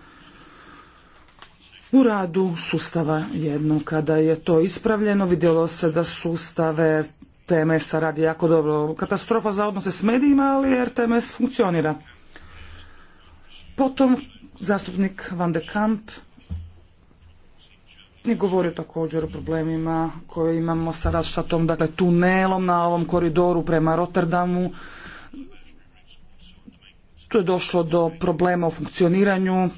u radu sustava jedno. Kada je to ispravljeno, vidjelo se da sustave RTMS-a radi jako dobro. Katastrofa za odnose s medijima, ali RTMS funkcionira. Potom zastupnik Van de Kamp je govorio također o problemima koje imamo sa rašatom, dakle tunelom na ovom koridoru prema Rotterdamu. Tu je došlo do problema u funkcioniranju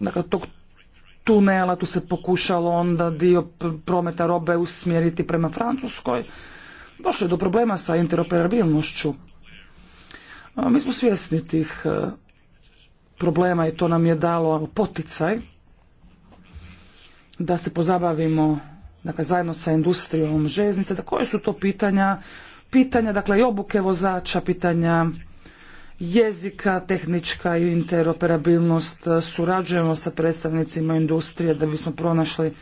dakle, tog tunela, tu se pokušalo onda dio prometa robe usmjeriti prema Francuskoj. Došlo je do problema sa interoperabilnošću. Mi smo svjesni tih e, problema i to nam je dalo poticaj da se pozabavimo dakle, zajedno sa industrijom željeznice, da koje su to pitanja, pitanja dakle i obuke vozača, pitanja jezika, tehnička i interoperabilnost. Surađujemo sa predstavnicima industrije da bismo pronašli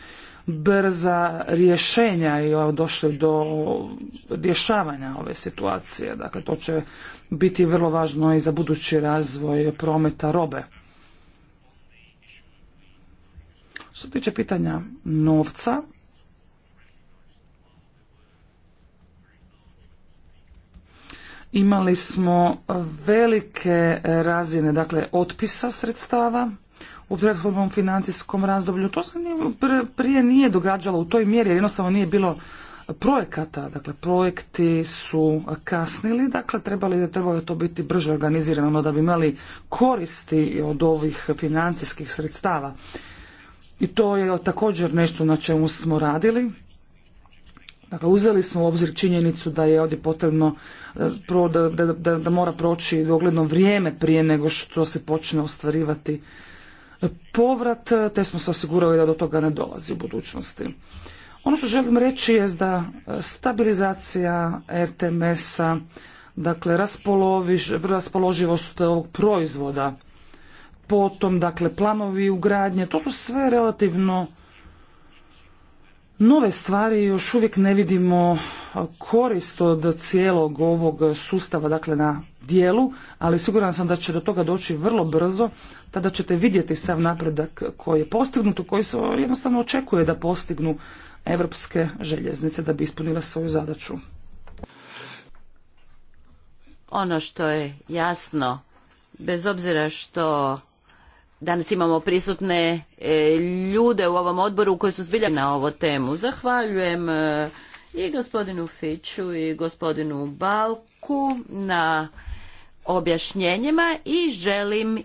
brza rješenja i došli do rješavanja ove situacije. Dakle, to će biti vrlo važno i za budući razvoj prometa robe. Što tiče pitanja novca, Imali smo velike razine, dakle, otpisa sredstava u prethodnom financijskom razdoblju. To se prije nije događalo u toj mjeri jer jednostavno nije bilo projekata. Dakle, projekti su kasnili, dakle, trebali, trebalo je to biti brže organizirano da bi imali koristi od ovih financijskih sredstava. I to je također nešto na čemu smo radili. Dakle, uzeli smo u obzir činjenicu da je ovdje potrebno e, da, mora proći dogledno vrijeme prije nego što se počne ostvarivati e, povrat, te smo se osigurali da do toga ne dolazi u budućnosti. Ono što želim reći je da e, stabilizacija RTMS-a, dakle raspoloživost ovog proizvoda, potom dakle planovi ugradnje, to su sve relativno nove stvari još uvijek ne vidimo korist od cijelog ovog sustava dakle na dijelu, ali siguran sam da će do toga doći vrlo brzo, tada ćete vidjeti sav napredak koji je postignut, koji se jednostavno očekuje da postignu evropske željeznice da bi ispunila svoju zadaću. Ono što je jasno, bez obzira što Danas imamo prisutne e, ljude u ovom odboru koji su zbilja na ovo temu. Zahvaljujem e, i gospodinu Fiću i gospodinu Balku na objašnjenjima i želim...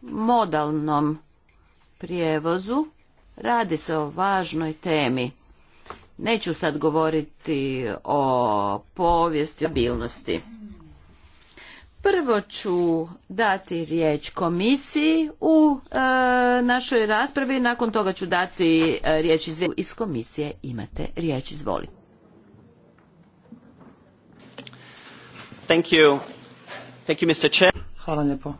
modalnom prijevozu radi se o važnoj temi Neću sad govoriti o povijesti stabilnosti. Prvo ću dati riječ komisiji u e, našoj raspravi, nakon toga ću dati e, riječ iz, iz komisije. Imate riječ, izvolite. Thank you. Thank you, Mr. Hvala lijepo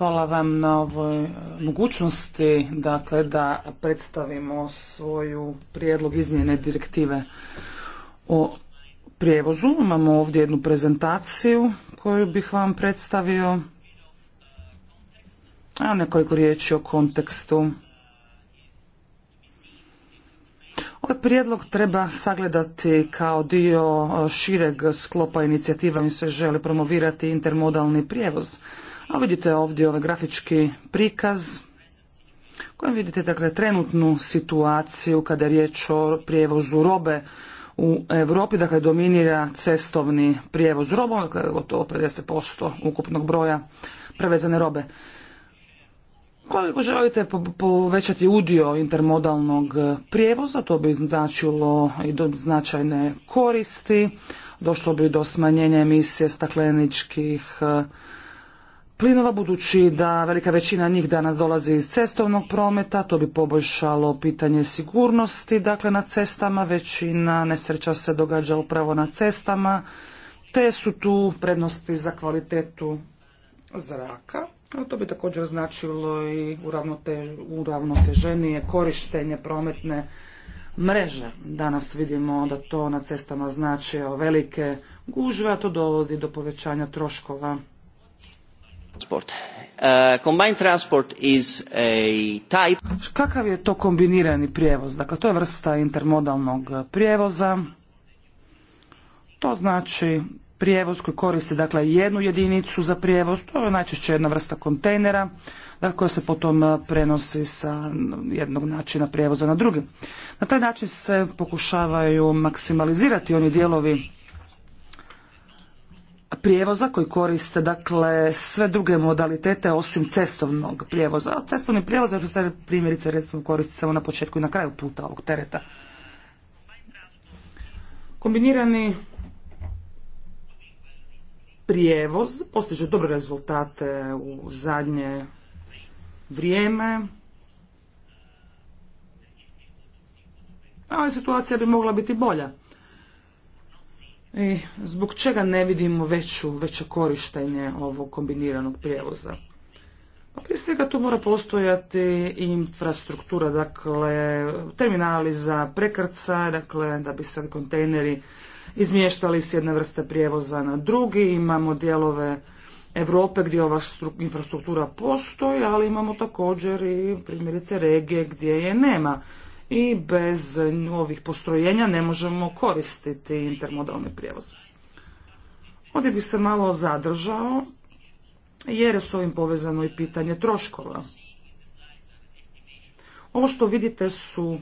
Hvala vam na ovoj mogućnosti dakle, da predstavimo svoju prijedlog izmjene direktive o prijevozu. Imamo ovdje jednu prezentaciju koju bih vam predstavio. A nekoliko riječi o kontekstu. Ovaj prijedlog treba sagledati kao dio šireg sklopa inicijativa i se želi promovirati intermodalni prijevoz. A vidite ovdje ovaj grafički prikaz kojem vidite dakle trenutnu situaciju kada je riječ o prijevozu robe u Europi, dakle dominira cestovni prijevoz robom, dakle gotovo 50% ukupnog broja prevezene robe. Koliko želite povećati udio intermodalnog prijevoza, to bi značilo i do značajne koristi, došlo bi do smanjenja emisije stakleničkih plinova, budući da velika većina njih danas dolazi iz cestovnog prometa, to bi poboljšalo pitanje sigurnosti, dakle na cestama većina nesreća se događa upravo na cestama, te su tu prednosti za kvalitetu zraka. A to bi također značilo i uravnoteženije korištenje prometne mreže. Danas vidimo da to na cestama znači velike gužve, a to dovodi do povećanja troškova Transport. Uh, combined transport is Kakav je to kombinirani prijevoz? Dakle, to je vrsta intermodalnog prijevoza. To znači prijevoz koji koristi dakle, jednu jedinicu za prijevoz. To je najčešće jedna vrsta kontejnera dakle, koja se potom uh, prenosi sa jednog načina prijevoza na drugi. Na taj način se pokušavaju maksimalizirati oni dijelovi prijevoza koji koriste dakle sve druge modalitete osim cestovnog prijevoza. A cestovni prijevoz se primjerice recimo koristi samo na početku i na kraju puta ovog tereta. Kombinirani prijevoz postiže dobre rezultate u zadnje vrijeme. A situacija bi mogla biti bolja. I zbog čega ne vidimo veću, veće korištenje ovog kombiniranog prijevoza? Pa prije svega tu mora postojati infrastruktura, dakle terminali za prekrca, dakle da bi se kontejneri izmještali s jedne vrste prijevoza na drugi. Imamo dijelove Europe gdje ova infrastruktura postoji, ali imamo također i primjerice regije gdje je nema i bez novih postrojenja ne možemo koristiti intermodalni prijevoz. Ovdje bih se malo zadržao jer s ovim povezano i pitanje troškova. Ovo što vidite su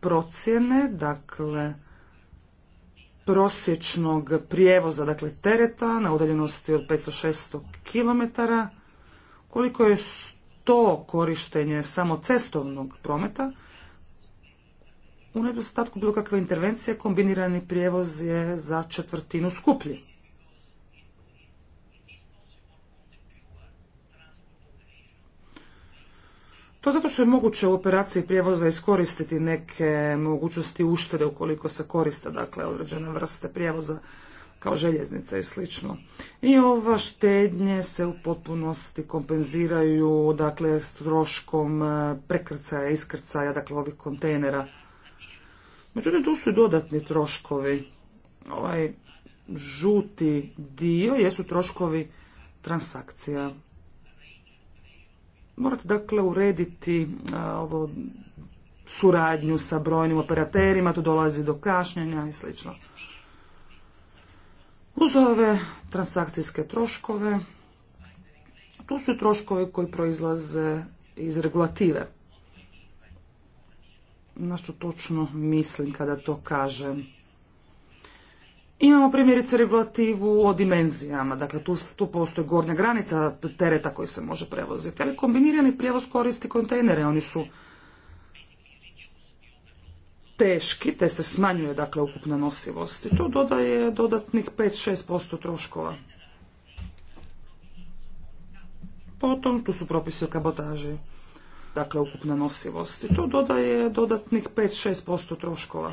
procjene, dakle, prosječnog prijevoza, dakle tereta na udaljenosti od 500-600 km, koliko je to korištenje samo cestovnog prometa u nedostatku bilo kakve intervencije kombinirani prijevoz je za četvrtinu skuplji. To zato što je moguće u operaciji prijevoza iskoristiti neke mogućnosti uštede ukoliko se koriste dakle, određene vrste prijevoza kao željeznica i slično. I ova štednje se u potpunosti kompenziraju dakle, s troškom eh, prekrcaja, iskrcaja, dakle ovih kontejnera. Međutim, tu su dodatni troškovi. Ovaj žuti dio jesu troškovi transakcija. Morate dakle urediti e, ovo suradnju sa brojnim operaterima, tu dolazi do kašnjenja i sl. Uz ove transakcijske troškove, tu su troškovi koji proizlaze iz regulative na što točno mislim kada to kažem. Imamo primjerice regulativu o dimenzijama, dakle tu, tu postoji gornja granica tereta koji se može prevoziti, ali kombinirani prijevoz koristi kontejnere, oni su teški, te se smanjuje dakle ukupna nosivost i to dodaje dodatnih 5-6% troškova. Potom tu su propisi o kabotaži dakle ukupne nosivosti. To dodaje dodatnih 5-6% troškova.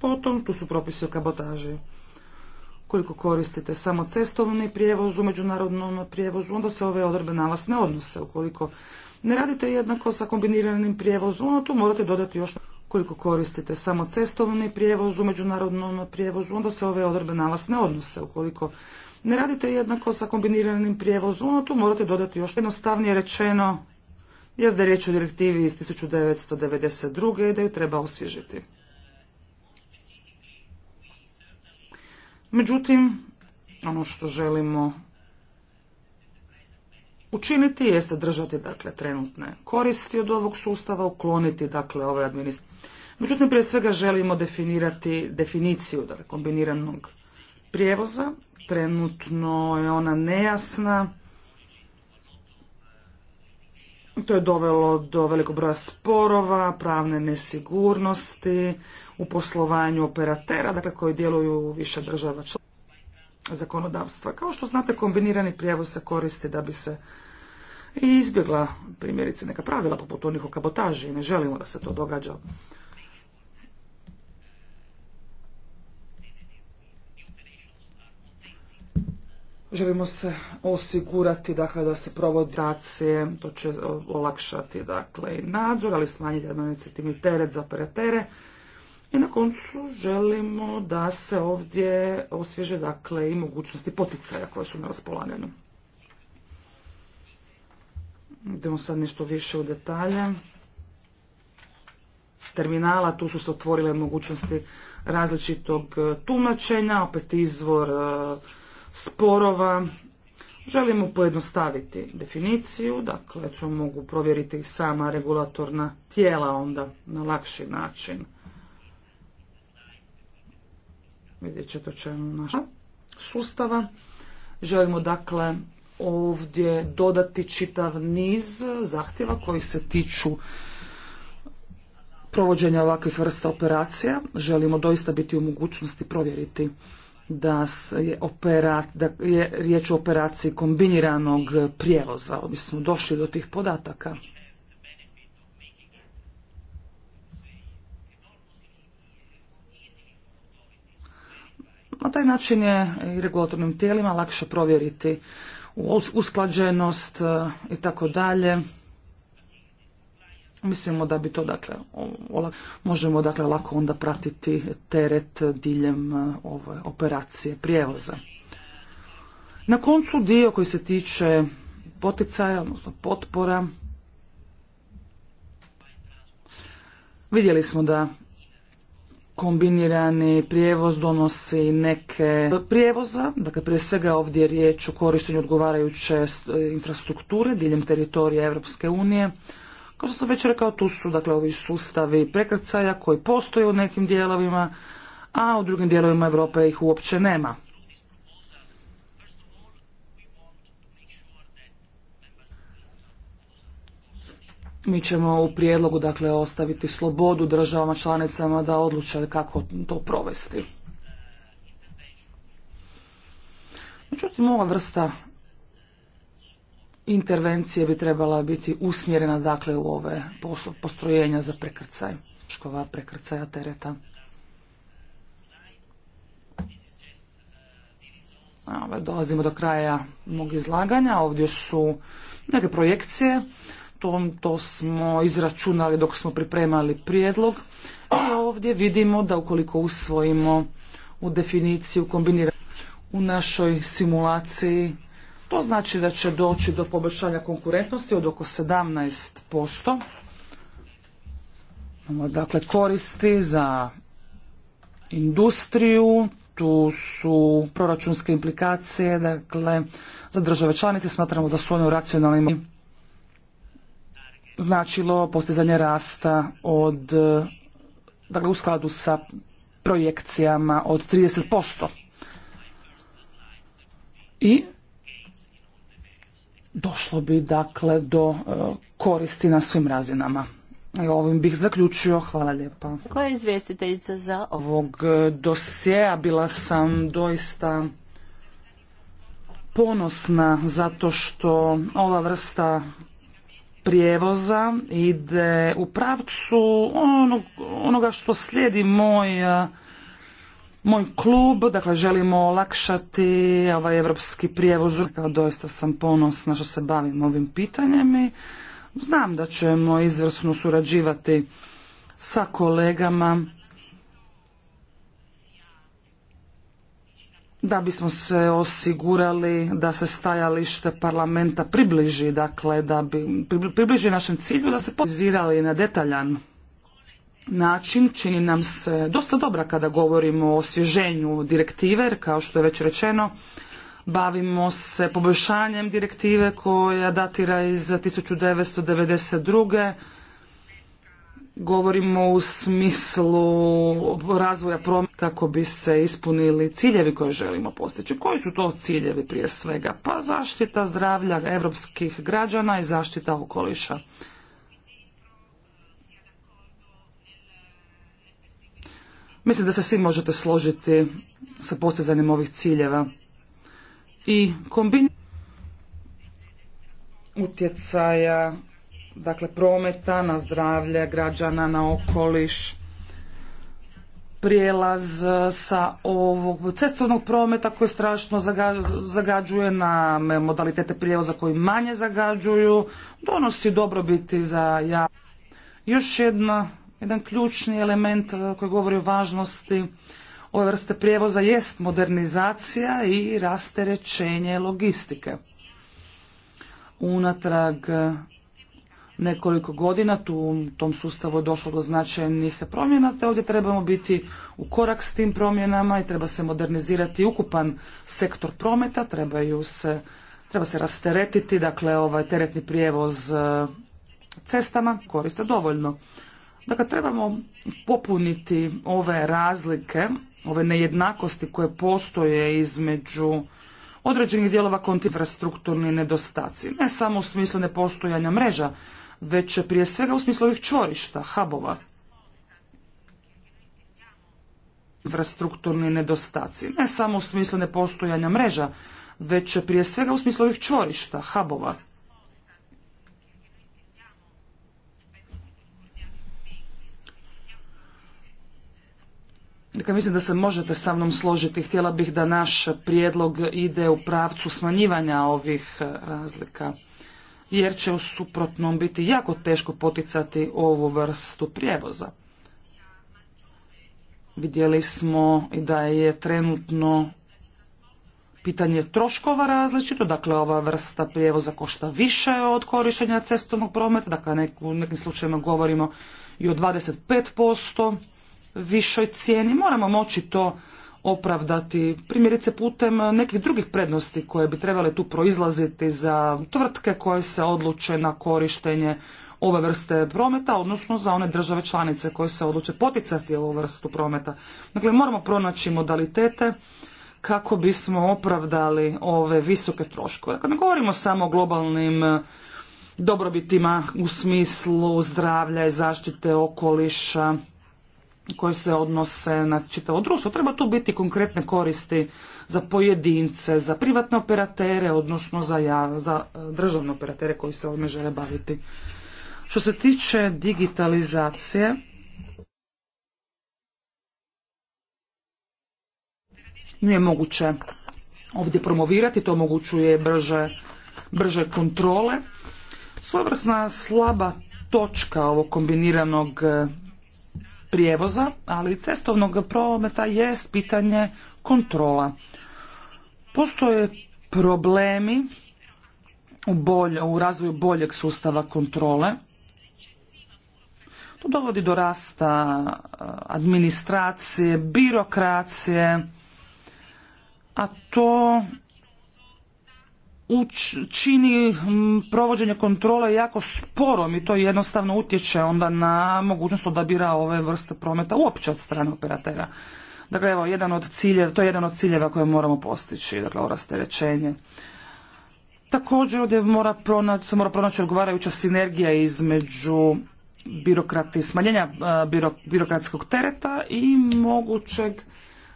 Potom tu su propisi o kabotaži. Koliko koristite samo cestovni prijevoz u međunarodnom prijevozu, onda se ove odredbe na vas ne odnose. Ukoliko ne radite jednako sa kombiniranim prijevozom, onda tu morate dodati još koliko koristite samo cestovni prijevoz u međunarodnom prijevozu, onda se ove odredbe na vas ne odnose. Ukoliko ne radite jednako sa kombiniranim prijevozom, ono tu morate dodati još jednostavnije rečeno, je da je riječ o direktivi iz 1992. i da ju treba osvježiti. Međutim, ono što želimo učiniti je sadržati dakle trenutne koristi od ovog sustava, ukloniti dakle ove administracije. Međutim, prije svega želimo definirati definiciju dakle, kombiniranog prijevoza Trenutno je ona nejasna. To je dovelo do velikog broja sporova, pravne nesigurnosti u poslovanju operatera, dakle koji djeluju u više država zakonodavstva. Kao što znate, kombinirani prijevoz se koristi da bi se i izbjegla primjerice neka pravila poput onih o kabotaži. Ne želimo da se to događa. Želimo se osigurati dakle, da se provodi to će olakšati dakle, nadzor, ali smanjiti administrativni teret za operatere. I na koncu želimo da se ovdje osvježe dakle, i mogućnosti poticaja koje su na raspolaganju. Idemo sad nešto više u detalje. Terminala, tu su se otvorile mogućnosti različitog tumačenja, opet izvor sporova. Želimo pojednostaviti definiciju, dakle ću mogu provjeriti i sama regulatorna tijela onda na lakši način. Vidjet ćete čemu naša sustava. Želimo dakle ovdje dodati čitav niz zahtjeva koji se tiču provođenja ovakvih vrsta operacija. Želimo doista biti u mogućnosti provjeriti da je, operat, da je riječ o operaciji kombiniranog prijevoza. Mi došli do tih podataka. Na taj način je i regulatornim tijelima lakše provjeriti usklađenost e, i tako dalje. Mislimo da bi to dakle, možemo dakle lako onda pratiti teret diljem e, ove operacije prijevoza. Na koncu dio koji se tiče poticaja, odnosno potpora. Vidjeli smo da kombinirani prijevoz donosi neke prijevoza, dakle prije svega ovdje je riječ o korištenju odgovarajuće e, infrastrukture diljem teritorija Europske unije. Kao što sam već rekao, tu su dakle ovi sustavi prekrcaja koji postoje u nekim dijelovima, a u drugim dijelovima Europe ih uopće nema. Mi ćemo u prijedlogu dakle ostaviti slobodu državama članicama da odluče kako to provesti. Međutim, ova vrsta intervencije bi trebala biti usmjerena dakle u ove postrojenja za prekrcaj, škova prekrcaja tereta. Ovaj, dolazimo do kraja mog izlaganja. Ovdje su neke projekcije. To, to smo izračunali dok smo pripremali prijedlog. I ovdje vidimo da ukoliko usvojimo u definiciju kombiniranja u našoj simulaciji to znači da će doći do poboljšanja konkurentnosti od oko 17%. dakle koristi za industriju, tu su proračunske implikacije, dakle za države članice smatramo da su one u racionalnim značilo postizanje rasta od, dakle u skladu sa projekcijama od 30%. I došlo bi dakle do e, koristi na svim razinama. I ovim bih zaključio. Hvala lijepa. Koja je izvjestiteljica za ovog e, dosjeja? Bila sam doista ponosna zato što ova vrsta prijevoza ide u pravcu onoga što slijedi moja e, moj klub, dakle želimo olakšati ovaj evropski prijevoz. Kao doista sam ponosna što se bavim ovim pitanjem i znam da ćemo izvrsno surađivati sa kolegama da bismo se osigurali da se stajalište parlamenta približi, dakle da bi približi našem cilju da se pozirali na detaljan način čini nam se dosta dobra kada govorimo o osvježenju direktive, jer kao što je već rečeno, bavimo se poboljšanjem direktive koja datira iz 1992. Govorimo u smislu razvoja prometa kako bi se ispunili ciljevi koje želimo postići. Koji su to ciljevi prije svega? Pa zaštita zdravlja evropskih građana i zaštita okoliša. Mislim da se svi možete složiti sa postizanjem ovih ciljeva. I kombin utjecaja, dakle prometa na zdravlje građana, na okoliš, prijelaz sa ovog cestovnog prometa koji strašno zagađuje na modalitete prijevoza koji manje zagađuju, donosi dobrobiti za ja. Još jedna jedan ključni element e, koji govori o važnosti ove vrste prijevoza jest modernizacija i rasterećenje logistike. Unatrag e, nekoliko godina tu u tom sustavu je došlo do značajnih promjena, te ovdje trebamo biti u korak s tim promjenama i treba se modernizirati ukupan sektor prometa, trebaju se, treba se rasteretiti, dakle ovaj teretni prijevoz e, cestama koriste dovoljno. Dakle, trebamo popuniti ove razlike, ove nejednakosti koje postoje između određenih dijelova konti infrastrukturni nedostaci. Ne samo u smislu nepostojanja mreža, već prije svega u smislu ovih čvorišta, hubova. Infrastrukturni nedostaci. Ne samo u smislu nepostojanja mreža, već prije svega u smislu ovih čvorišta, hubova. Dakle, mislim da se možete sa mnom složiti. Htjela bih da naš prijedlog ide u pravcu smanjivanja ovih e, razlika, jer će u suprotnom biti jako teško poticati ovu vrstu prijevoza. Vidjeli smo i da je trenutno pitanje troškova različito, dakle ova vrsta prijevoza košta više od korištenja cestovnog prometa, dakle u nekim slučajevima govorimo i o 25%, višoj cijeni. Moramo moći to opravdati, primjerice putem nekih drugih prednosti koje bi trebale tu proizlaziti za tvrtke koje se odluče na korištenje ove vrste prometa, odnosno za one države članice koje se odluče poticati ovu vrstu prometa. Dakle, moramo pronaći modalitete kako bismo opravdali ove visoke troškove. Dakle, ne govorimo samo o globalnim eh, dobrobitima u smislu zdravlja i zaštite okoliša, koje se odnose na čitavo društvo. Treba tu biti konkretne koristi za pojedince, za privatne operatere, odnosno za, za e, državne operatere koji se ovdje žele baviti. Što se tiče digitalizacije, nije moguće ovdje promovirati, to omogućuje brže, brže kontrole. Svojevrsna slaba točka ovog kombiniranog e, prijevoza, ali i cestovnog prometa jest pitanje kontrola. Postoje problemi u, u razvoju boljeg sustava kontrole. To dovodi do rasta eh, administracije, birokracije, a to čini provođenje kontrole jako sporom i to jednostavno utječe onda na mogućnost odabira ove vrste prometa uopće od strane operatera. Dakle, evo, jedan od ciljeva, to je jedan od ciljeva koje moramo postići, dakle, ovo rasterećenje. Također ovdje mora pronaći, se mora pronaći odgovarajuća sinergija između birokrati, smanjenja birokratskog tereta i mogućeg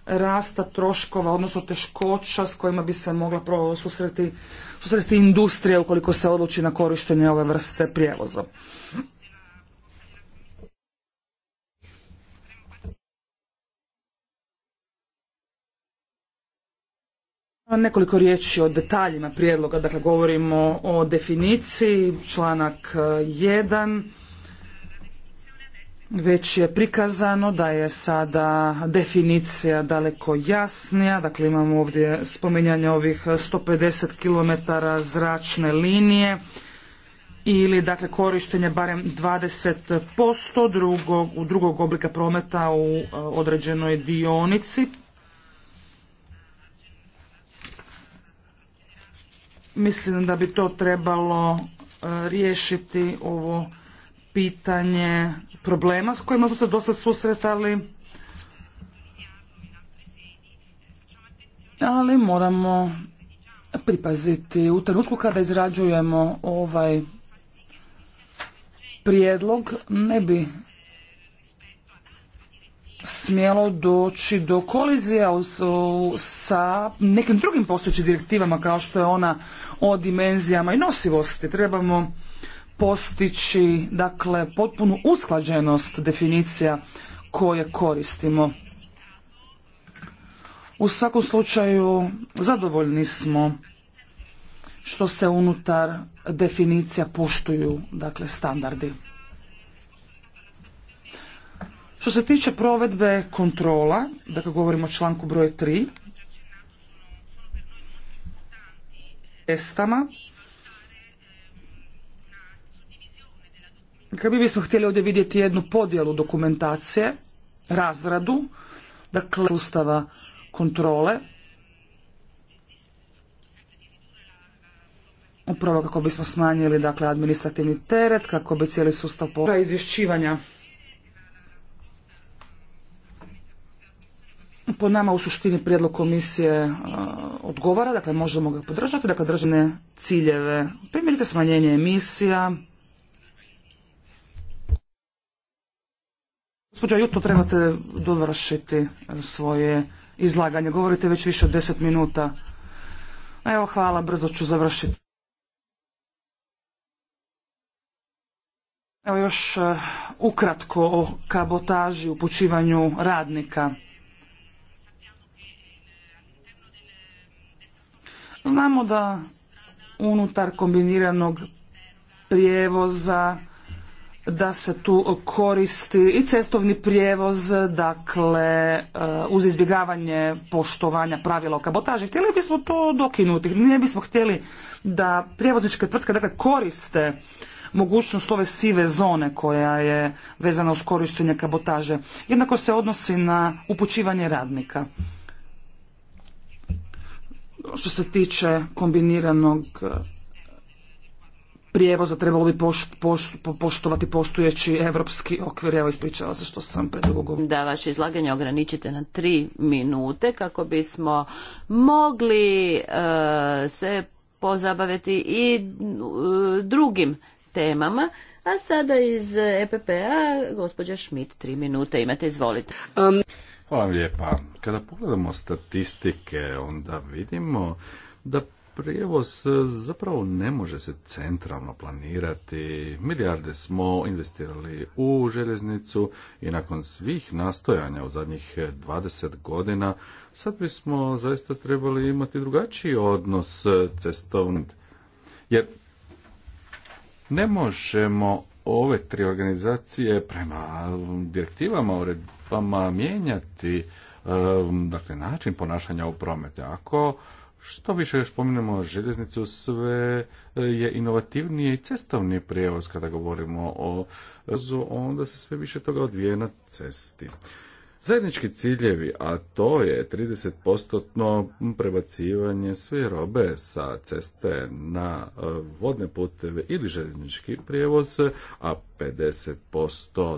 rasta troškova, odnosno teškoća s kojima bi se mogla susreti, industrija ukoliko se odluči na korištenje ove vrste prijevoza. Nekoliko riječi o detaljima prijedloga, dakle govorimo o definiciji, članak 1, već je prikazano da je sada definicija daleko jasnija, dakle imamo ovdje spominjanje ovih 150 km zračne linije ili dakle korištenje barem 20% drugog, drugog oblika prometa u e, određenoj dionici. Mislim da bi to trebalo e, riješiti ovo pitanje problema s kojima su se dosta susretali. Ali moramo pripaziti u trenutku kada izrađujemo ovaj prijedlog ne bi smjelo doći do kolizija sa nekim drugim postojećim direktivama kao što je ona o dimenzijama i nosivosti. Trebamo postići dakle potpunu usklađenost definicija koje koristimo. U svakom slučaju zadovoljni smo što se unutar definicija poštuju dakle standardi. Što se tiče provedbe kontrola, dakle govorimo o članku broj 3, estama. Kad bi bismo htjeli ovdje vidjeti jednu podjelu dokumentacije, razradu, dakle sustava kontrole, upravo kako bismo smanjili dakle administrativni teret, kako bi cijeli sustav po... izvješćivanja po nama u suštini prijedlog komisije e, odgovara, dakle možemo ga podržati, dakle držane ciljeve, primjerice smanjenje emisija, Gospođa Juto, trebate dovršiti e, svoje izlaganje. Govorite već više od deset minuta. Evo, hvala, brzo ću završiti. Evo još e, ukratko o kabotaži, upućivanju radnika. Znamo da unutar kombiniranog prijevoza da se tu koristi i cestovni prijevoz, dakle e, uz izbjegavanje poštovanja pravila o kabotaži. Htjeli bismo to dokinuti, ne bismo htjeli da prijevozničke tvrtke dakle, koriste mogućnost ove sive zone koja je vezana uz korištenje kabotaže. Jednako se odnosi na upućivanje radnika. Što se tiče kombiniranog prijevoza trebalo bi poštovati postojeći evropski okvir. Evo ispričava se što sam predugo Da vaše izlaganje ograničite na tri minute kako bismo mogli e, se pozabaviti i e, drugim temama. A sada iz EPP-a gospođa Šmit, tri minute imate, izvolite. Um... Hvala vam lijepa. Kada pogledamo statistike, onda vidimo da prijevoz e, zapravo ne može se centralno planirati. Milijarde smo investirali u željeznicu i nakon svih nastojanja u zadnjih 20 godina sad bismo zaista trebali imati drugačiji odnos cestovni. Jer ne možemo ove tri organizacije prema um, direktivama, uredbama mijenjati um, dakle način ponašanja u prometu. Ako što više još željeznicu, sve e, je inovativnije i cestovni prijevoz kada govorimo o e, onda se sve više toga odvije na cesti. Zajednički ciljevi, a to je 30% prebacivanje sve robe sa ceste na e, vodne puteve ili željeznički prijevoz, a 50%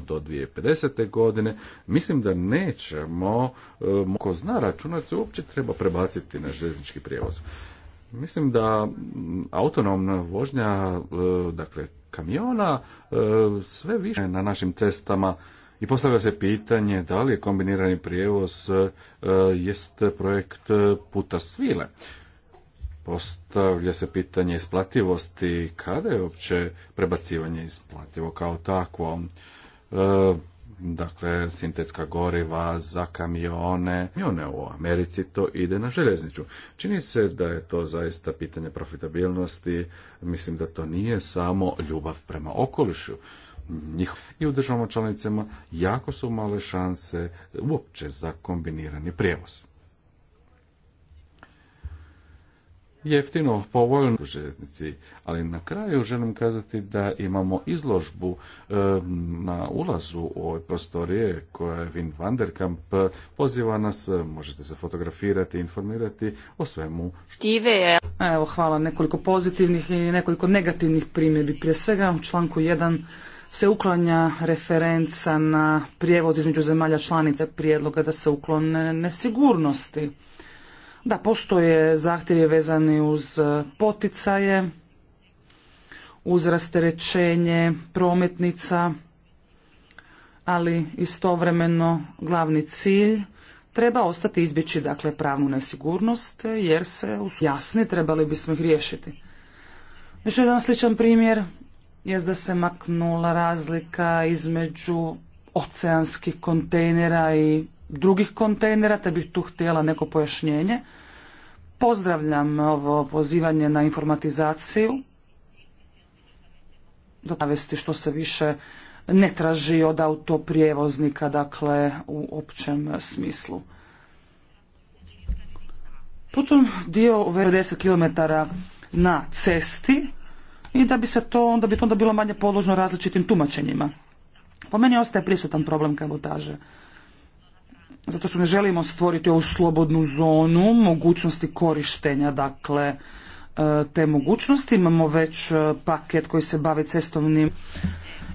do 2050. godine, mislim da nećemo, e, ko zna računat uopće treba prebaciti na željeznički prijevoz. Mislim da mm, autonomna vožnja, e, dakle kamiona, sve više na našim cestama i postavlja se pitanje da li je kombinirani prijevoz e, jest projekt puta svile. Postavlja se pitanje isplativosti kada je uopće prebacivanje isplativo kao takvo. E, dakle, sintetska goriva za kamione. one u Americi to ide na željezniču. Čini se da je to zaista pitanje profitabilnosti. Mislim da to nije samo ljubav prema okolišu njih i u državama članicama jako su male šanse uopće za kombinirani prijevoz. jeftino, povoljno željeznici, ali na kraju želim kazati da imamo izložbu e, na ulazu u ove prostorije koja je Vin Vanderkamp poziva nas, e, možete se fotografirati i informirati o svemu. Štive e, Evo, hvala, nekoliko pozitivnih i nekoliko negativnih primjedbi. Prije svega u članku 1 se uklanja referenca na prijevoz između zemalja članica prijedloga da se uklone nesigurnosti. Da, postoje zahtjevi vezani uz e, poticaje, uz rasterećenje prometnica, ali istovremeno glavni cilj treba ostati izbjeći dakle pravnu nesigurnost e, jer se jasni trebali bismo ih riješiti. Još jedan sličan primjer je da se maknula razlika između oceanskih kontejnera i drugih kontejnera, te bih tu htjela neko pojašnjenje. Pozdravljam ovo pozivanje na informatizaciju, navesti što se više ne traži od autoprijevoznika, dakle u općem smislu. Potom dio 50 km na cesti, i da bi se to onda bi to onda bilo manje podložno različitim tumačenjima. Po meni ostaje prisutan problem kabotaže. Zato što ne želimo stvoriti ovu slobodnu zonu mogućnosti korištenja, dakle, e, te mogućnosti. Imamo već e, paket koji se bavi cestovnim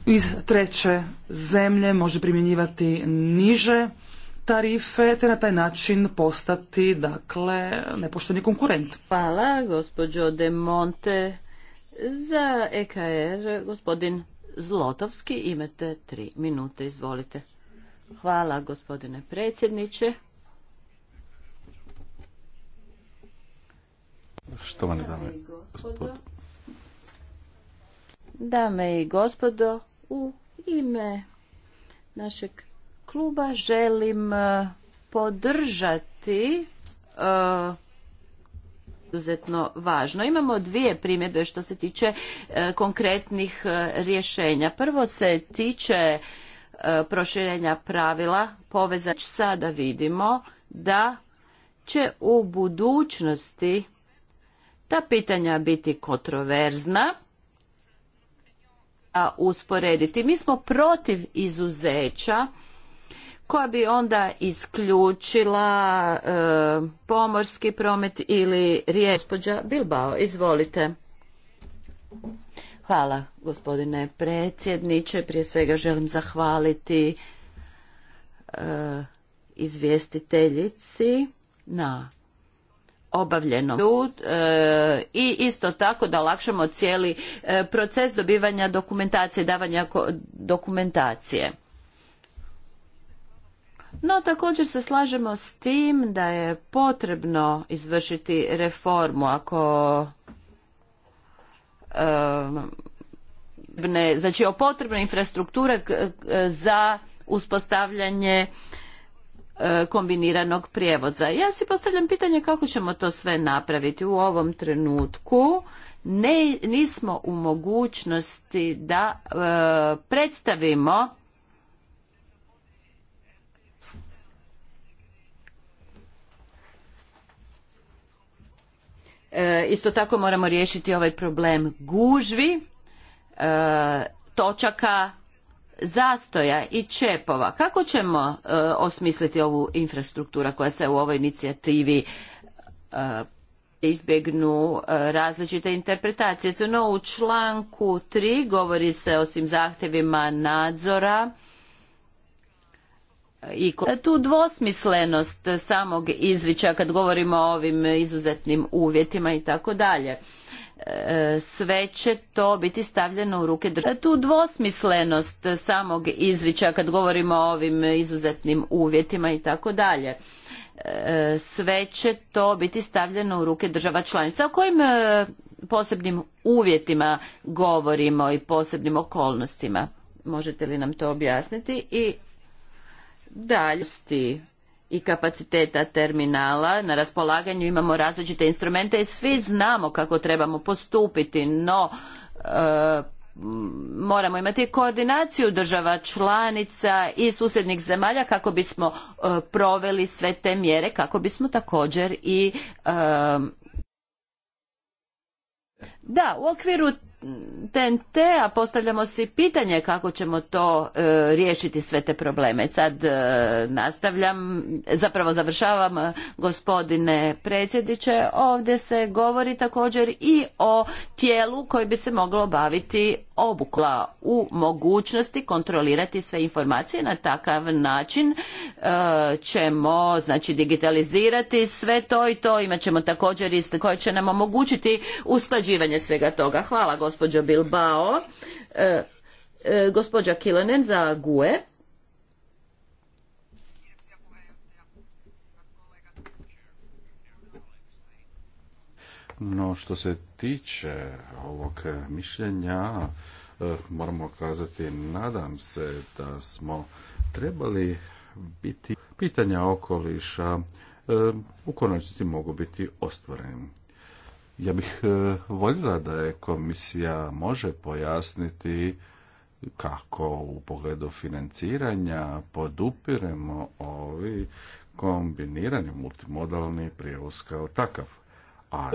iz treće zemlje, može primjenjivati niže tarife, te na taj način postati, dakle, nepošteni konkurent. Hvala, gospođo De Monte. Za EKR, gospodin Zlotovski, imate tri minute, izvolite. Hvala, gospodine predsjedniče. Što dame i gospodo? Dame i gospodo, u ime našeg kluba želim eh, podržati eh, izuzetno važno. Imamo dvije primjedbe što se tiče e, konkretnih e, rješenja. Prvo se tiče e, proširenja pravila povezać sada vidimo da će u budućnosti ta pitanja biti kontroverzna a usporediti. Mi smo protiv izuzeća koja bi onda isključila e, pomorski promet ili riječ. Gospođa Bilbao, izvolite. Hvala gospodine predsjedniče. Prije svega želim zahvaliti e, izvjestiteljici na obavljenom. E, i isto tako da olakšamo cijeli proces dobivanja dokumentacije, davanja dokumentacije. No također se slažemo s tim da je potrebno izvršiti reformu ako ne znači o potrebnoj infrastrukture za uspostavljanje e, kombiniranog prijevoza. Ja si postavljam pitanje kako ćemo to sve napraviti u ovom trenutku. Ne, nismo u mogućnosti da e, predstavimo E, isto tako moramo riješiti ovaj problem gužvi, e, točaka, zastoja i čepova. Kako ćemo e, osmisliti ovu infrastrukturu koja se u ovoj inicijativi izbjegnu različite interpretacije. No, u članku 3 govori se o svim zahtjevima nadzora i tu dvosmislenost samog izričaja kad govorimo o ovim izuzetnim uvjetima i tako dalje e, sve će to biti stavljeno u ruke države. Tu dvosmislenost samog izričaja kad govorimo o ovim izuzetnim uvjetima i tako dalje. E, sve će to biti stavljeno u ruke država članica. O kojim e, posebnim uvjetima govorimo i posebnim okolnostima? Možete li nam to objasniti? I daljosti i kapaciteta terminala. Na raspolaganju imamo različite instrumente i svi znamo kako trebamo postupiti, no e, moramo imati koordinaciju država članica i susjednih zemalja kako bismo e, proveli sve te mjere, kako bismo također i e, da, u okviru TNT-a postavljamo si pitanje kako ćemo to e, riješiti sve te probleme. Sad e, nastavljam, zapravo završavam e, gospodine predsjedniče. Ovdje se govori također i o tijelu koje bi se moglo baviti obukla u mogućnosti kontrolirati sve informacije na takav način ćemo znači digitalizirati sve to i to imat ćemo također iste koje će nam omogućiti usklađivanje svega toga. Hvala gospođo Bilbao. E, e, gospođa Kilenen za GUE. No što se tiče ovog mišljenja, e, moramo kazati, nadam se da smo trebali biti pitanja okoliša u konačnici mogu biti ostvareni. Ja bih e, voljela da je komisija može pojasniti kako u pogledu financiranja podupiremo ovi kombinirani multimodalni prijevoz kao takav, a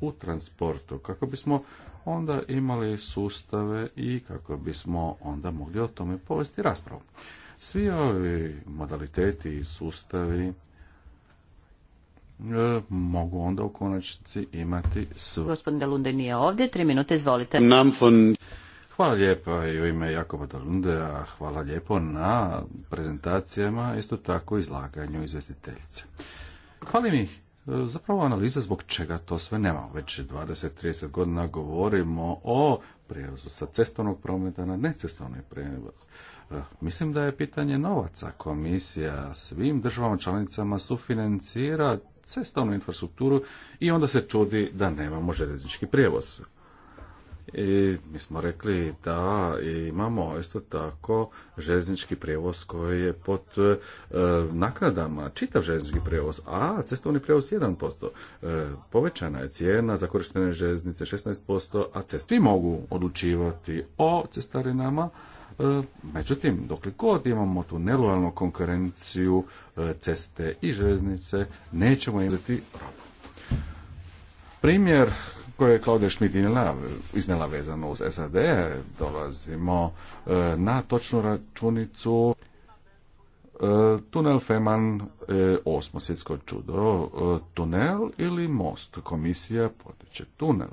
u transportu kako bismo onda imali sustave i kako bismo onda mogli o tome povesti raspravu. Svi ovi modaliteti i sustavi E, mogu onda u konačnici imati svoj. Gospodin Dalunde nije ovdje, tri minute, izvolite. Nam von... Hvala lijepo i u ime Jakoba a hvala lijepo na prezentacijama, isto tako izlaganju izvestiteljice. Hvala mi e, zapravo analiza zbog čega to sve nemamo. Već 20-30 godina govorimo o prijevozu sa cestovnog prometa na necestovni prijevoz. E, mislim da je pitanje novaca. Komisija svim državama članicama sufinancira cestovnu infrastrukturu i onda se čudi da nemamo željeznički prijevoz. I mi smo rekli da imamo isto tako željeznički prijevoz koji je pod e, naknadama, čitav željeznički prijevoz, a cestovni prijevoz 1%. E, povećana je cijena za korištenje željeznice 16%, a cesti mogu odlučivati o cestarinama, E, međutim, dokle god imamo tu nelojalnu konkurenciju e, ceste i željeznice, nećemo imati robu. Primjer koje je Klaudija Schmidt iznela vezano uz SAD, dolazimo e, na točnu računicu tunel Feman, osmo svjetsko čudo, tunel ili most, komisija potiče tunel.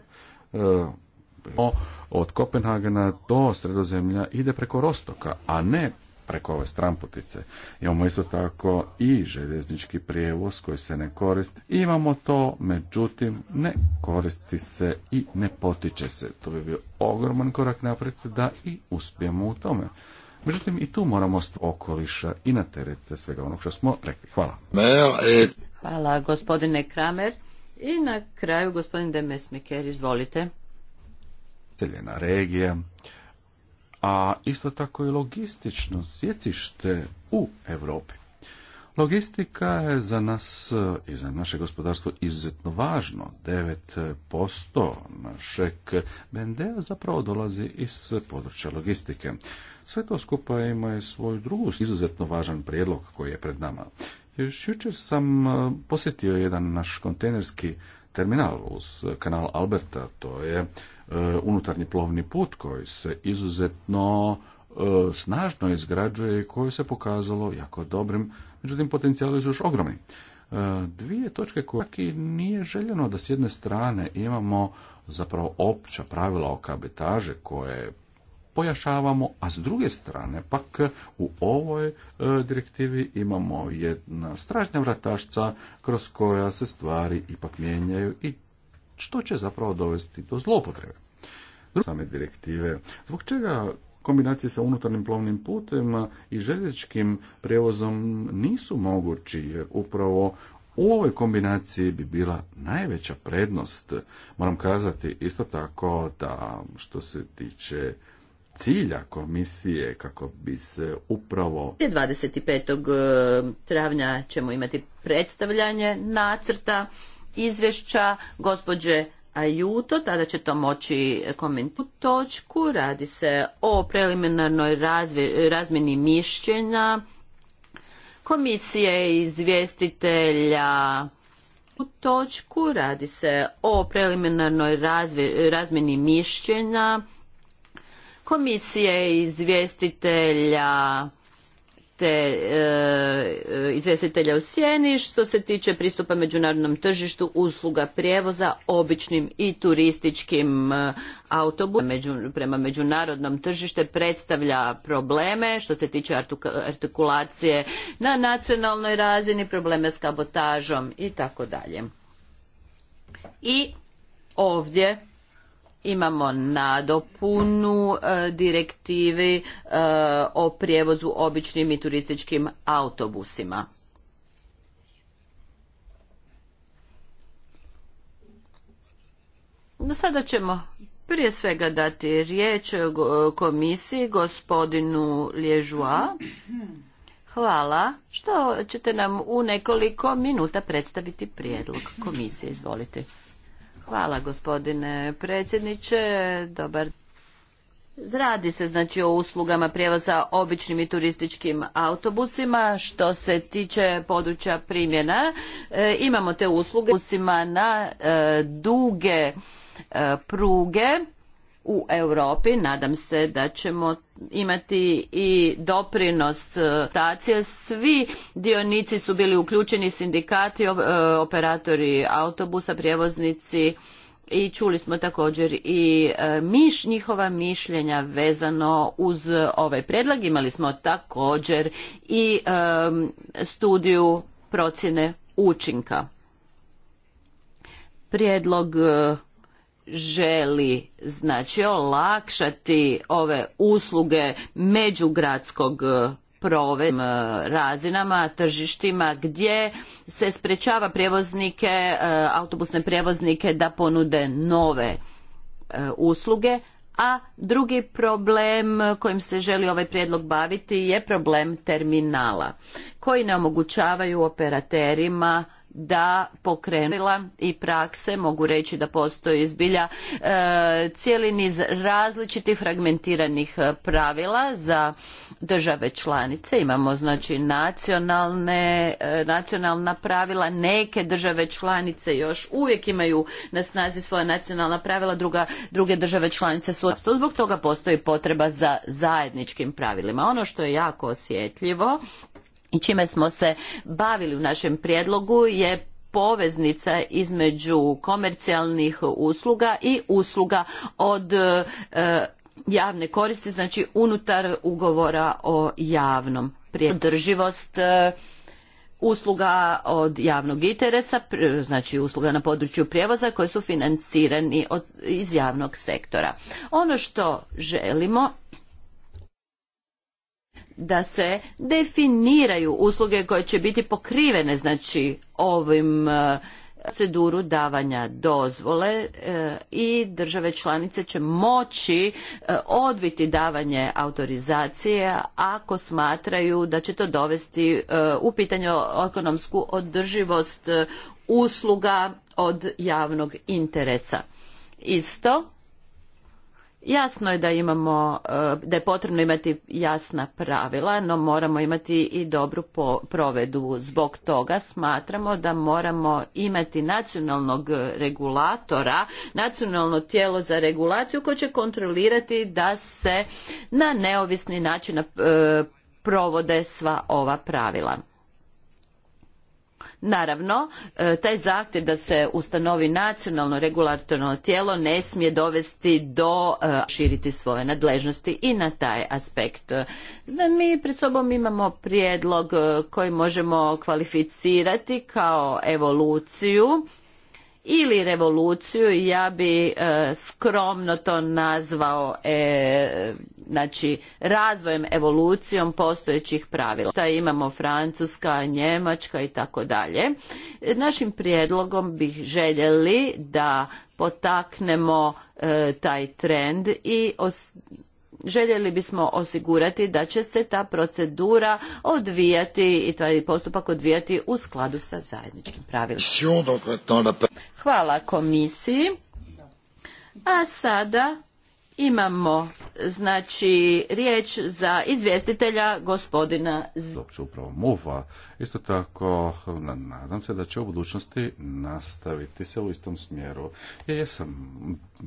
Od Kopenhagena do Sredozemlja ide preko Rostoka, a ne preko ove stramputice. Imamo isto tako i željeznički prijevoz koji se ne koristi. Imamo to, međutim, ne koristi se i ne potiče se. To bi bio ogroman korak naprijed da i uspijemo u tome. Međutim, i tu moramo okoliša i na terete svega onog što smo rekli. Hvala. E- Hvala, gospodine Kramer. I na kraju, gospodin Demesmeker, izvolite naseljena regija, a isto tako i logistično sjecište u Europi. Logistika je za nas i za naše gospodarstvo izuzetno važno. 9% našeg BND-a zapravo dolazi iz područja logistike. Sve to skupa ima i svoju drugu izuzetno važan prijedlog koji je pred nama. Još jučer sam e, posjetio jedan naš kontejnerski terminal uz kanal Alberta, to je E, unutarnji plovni put koji se izuzetno e, snažno izgrađuje i koji se pokazalo jako dobrim, međutim potencijali su još ogromni. E, dvije točke koje nije željeno da s jedne strane imamo zapravo opća pravila o kabitaži koje pojašavamo, a s druge strane pak u ovoj direktivi imamo jedna stražnja vratašca kroz koja se stvari ipak mijenjaju i što će zapravo dovesti do zloupotrebe. Same direktive. Zbog čega kombinacije sa unutarnjim plovnim putem i željezničkim prijevozom nisu mogući jer upravo u ovoj kombinaciji bi bila najveća prednost. Moram kazati isto tako da što se tiče cilja komisije kako bi se upravo 25. Eh, travnja ćemo imati predstavljanje nacrta izvješća gospođe Ajuto, tada će to moći komentirati točku. Radi se o preliminarnoj razmjeni mišljenja komisije izvjestitelja u točku. Radi se o preliminarnoj razmjeni mišljenja komisije izvjestitelja te e, izvjestitelja u sjeni što se tiče pristupa međunarodnom tržištu usluga prijevoza običnim i turističkim e, autobusima prema međunarodnom tržište predstavlja probleme što se tiče artikulacije na nacionalnoj razini, probleme s kabotažom i tako dalje. I ovdje imamo nadopunu e, direktivi e, o prijevozu običnim i turističkim autobusima. Sada ćemo prije svega dati riječ e, komisiji gospodinu Lježua. Hvala što ćete nam u nekoliko minuta predstaviti prijedlog komisije. Izvolite. Hvala gospodine predsjedniče, dobar Radi se znači o uslugama prijevoza običnim i turističkim autobusima. Što se tiče područja primjena, e, imamo te usluge na e, duge e, pruge u Europi. Nadam se da ćemo imati i doprinos e, tacije. Svi dionici su bili uključeni, sindikati, e, operatori autobusa, prijevoznici i čuli smo također i e, miš, njihova mišljenja vezano uz ovaj predlag. Imali smo također i studiju procjene učinka. Prijedlog želi znači olakšati ove usluge međugradskog e, prove razinama, tržištima gdje se sprečava prijevoznike, e, autobusne prijevoznike da ponude nove e, usluge, a drugi problem kojim se želi ovaj prijedlog baviti je problem terminala koji ne omogućavaju operaterima da pokrenula i prakse mogu reći da postoji zbilja e, cijeli niz različitih fragmentiranih e, pravila za države članice imamo znači nacionalne e, nacionalna pravila neke države članice još uvijek imaju na snazi svoja nacionalna pravila druge države članice su zbog toga postoji potreba za zajedničkim pravilima ono što je jako osjetljivo i čime smo se bavili u našem prijedlogu je poveznica između komercijalnih usluga i usluga od e, javne koristi, znači unutar ugovora o javnom održivost e, usluga od javnog interesa, znači usluga na području prijevoza koje su financirani od, iz javnog sektora. Ono što želimo da se definiraju usluge koje će biti pokrivene znači ovim e, proceduru davanja dozvole e, i države članice će moći e, odbiti davanje autorizacije ako smatraju da će to dovesti u pitanje ekonomsku održivost usluga od javnog interesa. Isto Jasno je da imamo, eh, da je potrebno imati jasna pravila, no moramo imati i dobru provedu. Zbog toga smatramo da moramo imati nacionalnog regulatora, nacionalno tijelo za regulaciju koje će kontrolirati da se na neovisni način eh, provode sva ova pravila. Naravno, e, taj zahtjev da se ustanovi nacionalno regulatorno tijelo ne smije dovesti do e, širiti svoje nadležnosti i na taj aspekt. mi pred sobom imamo prijedlog e, koji možemo kvalificirati kao evoluciju ili revoluciju, ja bi e, skromno to nazvao e, znači razvojem, evolucijom postojećih pravila. Šta imamo Francuska, Njemačka i tako dalje. Našim prijedlogom bih željeli da potaknemo e, taj trend i os željeli bismo osigurati da će se ta procedura odvijati i taj postupak odvijati u skladu sa zajedničkim pravilima. Pa- Hvala komisiji. A sada imamo znači riječ za izvjestitelja gospodina Z... upravo muva isto tako nadam se da će u budućnosti nastaviti se u istom smjeru ja jesam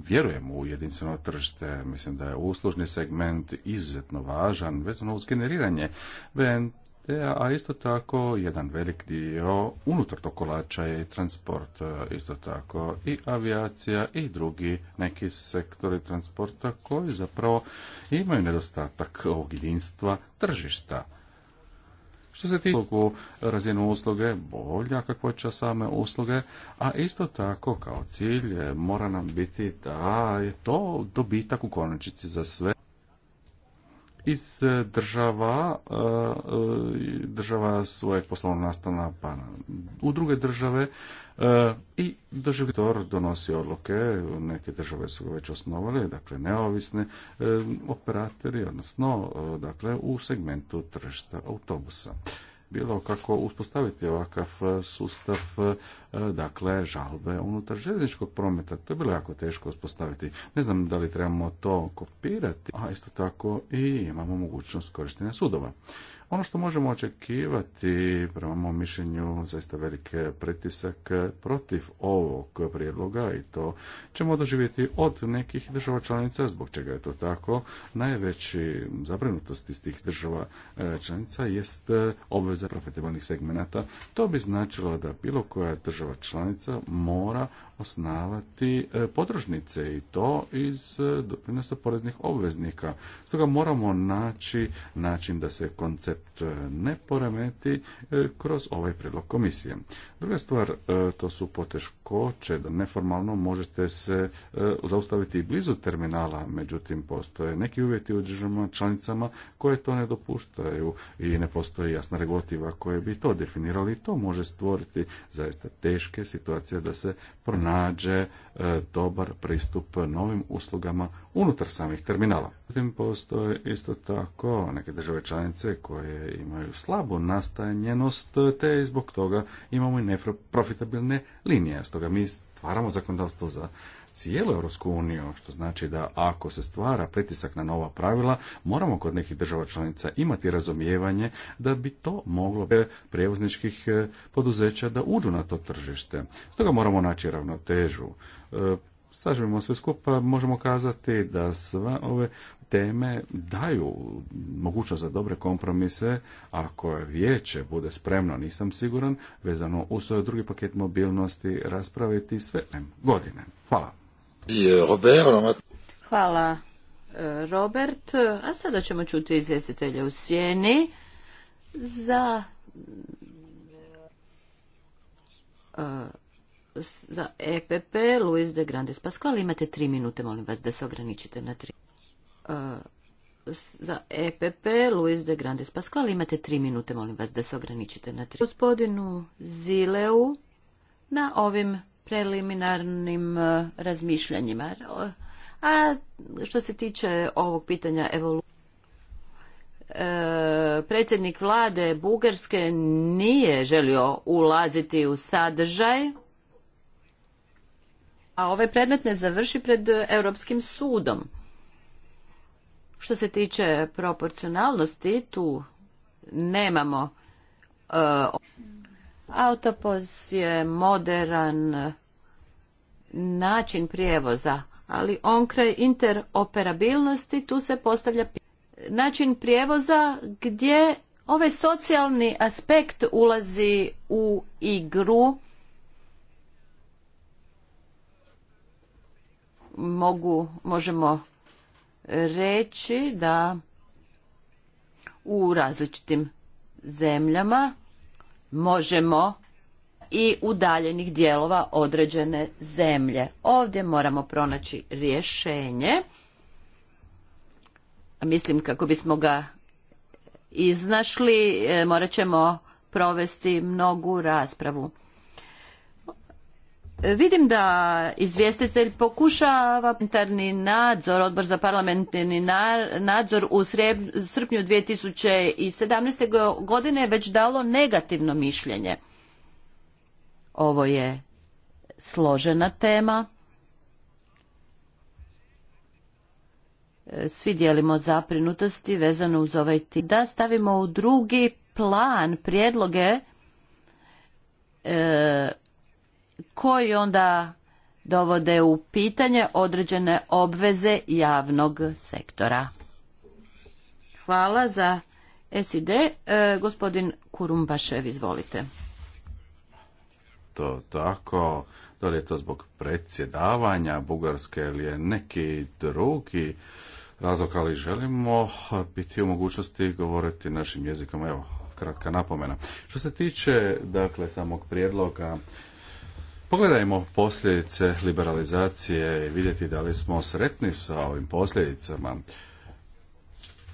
vjerujem u jedinstveno tržište mislim da je uslužni segment izuzetno važan vezano uz generiranje E, a isto tako jedan velik dio unutar tog kolača je transport, e, isto tako i avijacija i drugi neki sektori transporta koji zapravo imaju nedostatak ovog jedinstva tržišta. Što se tiče razinu usluge, bolja će same usluge, a isto tako kao cilj e, mora nam biti da je to dobitak u konačnici za sve iz e, država, e, e, država svojeg poslovnog nastana pa u druge države i državitor donosi odluke, neke države su ga već osnovale, dakle neovisne operatori, odnosno dakle u segmentu tržišta autobusa bilo kako uspostaviti ovakav e, sustav e, dakle žalbe unutar željezničkog prometa. To je bilo jako teško uspostaviti. Ne znam da li trebamo to kopirati, a isto tako i imamo mogućnost korištenja sudova. Ono što možemo očekivati, prema mom mišljenju, zaista velike pritisak protiv ovog prijedloga i to ćemo doživjeti od nekih država članica, zbog čega je to tako. Najveći zabrinutost iz tih država e, članica jest e, obveza profitabilnih segmenata. To bi značilo da bilo koja država članica mora osnavati e, podružnice i to iz e, doprinosa poreznih obveznika. Stoga moramo naći način da se koncept e, ne poremeti kroz ovaj predlog komisije. Druga stvar, to su poteškoće, da neformalno možete se zaustaviti blizu terminala, međutim postoje neki uvjeti u državama članicama koje to ne dopuštaju i ne postoji jasna regulativa koje bi to definirali i to može stvoriti zaista teške situacije da se nađe e, dobar pristup novim uslugama unutar samih terminala. Zatim postoje isto tako neke države članice koje imaju slabu nastanjenost, te zbog toga imamo i neprofitabilne linije. Stoga mi stvaramo zakonodavstvo za cijelu Europsku što znači da ako se stvara pritisak na nova pravila, moramo kod nekih država članica imati razumijevanje da bi to moglo prijevozničkih eh, poduzeća da uđu na to tržište. Stoga moramo naći ravnotežu eh, sažmemo sve skupa, možemo kazati da sve ove teme daju mogućnost za dobre kompromise ako je vijeće bude spremno, nisam siguran, vezano svoj drugi paket mobilnosti raspraviti sve godine. Hvala. Hvala e, Robert. A sada ćemo čuti izvjestitelja u sjeni za e, za EPP, Luis de Grandes Pascual, imate tri minute, molim vas da se ograničite na tri. E, za EPP, Luis de Grandes Pascual, imate tri minute, molim vas da se ograničite na tri. Gospodinu Zileu na ovim preliminarnim e, razmišljanjima. E, a što se tiče ovog pitanja evolucije, predsjednik vlade Bugarske nije želio ulaziti u sadržaj a ovaj predmet ne završi pred e, Europskim sudom. Što se tiče proporcionalnosti, tu nemamo e, autopos je moderan e, način prijevoza, ali on kraj interoperabilnosti tu se postavlja način prijevoza gdje ovaj socijalni aspekt ulazi u igru mogu, možemo reći da u različitim zemljama možemo i udaljenih dijelova određene zemlje. Ovdje moramo pronaći rješenje. Mislim kako bismo ga iznašli, e, morat ćemo provesti mnogu raspravu. Vidim da izvjestitelj pokušava parlamentarni nadzor, odbor za parlamentarni nadzor u srpnju 2017. godine već dalo negativno mišljenje. Ovo je složena tema. Svi dijelimo zaprinutosti vezano uz ovaj tip. Da stavimo u drugi plan prijedloge e, koji onda dovode u pitanje određene obveze javnog sektora. Hvala za SID. E, gospodin Kurumbašev, izvolite. To tako, da li je to zbog predsjedavanja Bugarske ili je neki drugi razlog, ali želimo biti u mogućnosti govoriti našim jezikom. Evo, kratka napomena. Što se tiče, dakle, samog prijedloga, Pogledajmo posljedice liberalizacije i vidjeti da li smo sretni sa ovim posljedicama.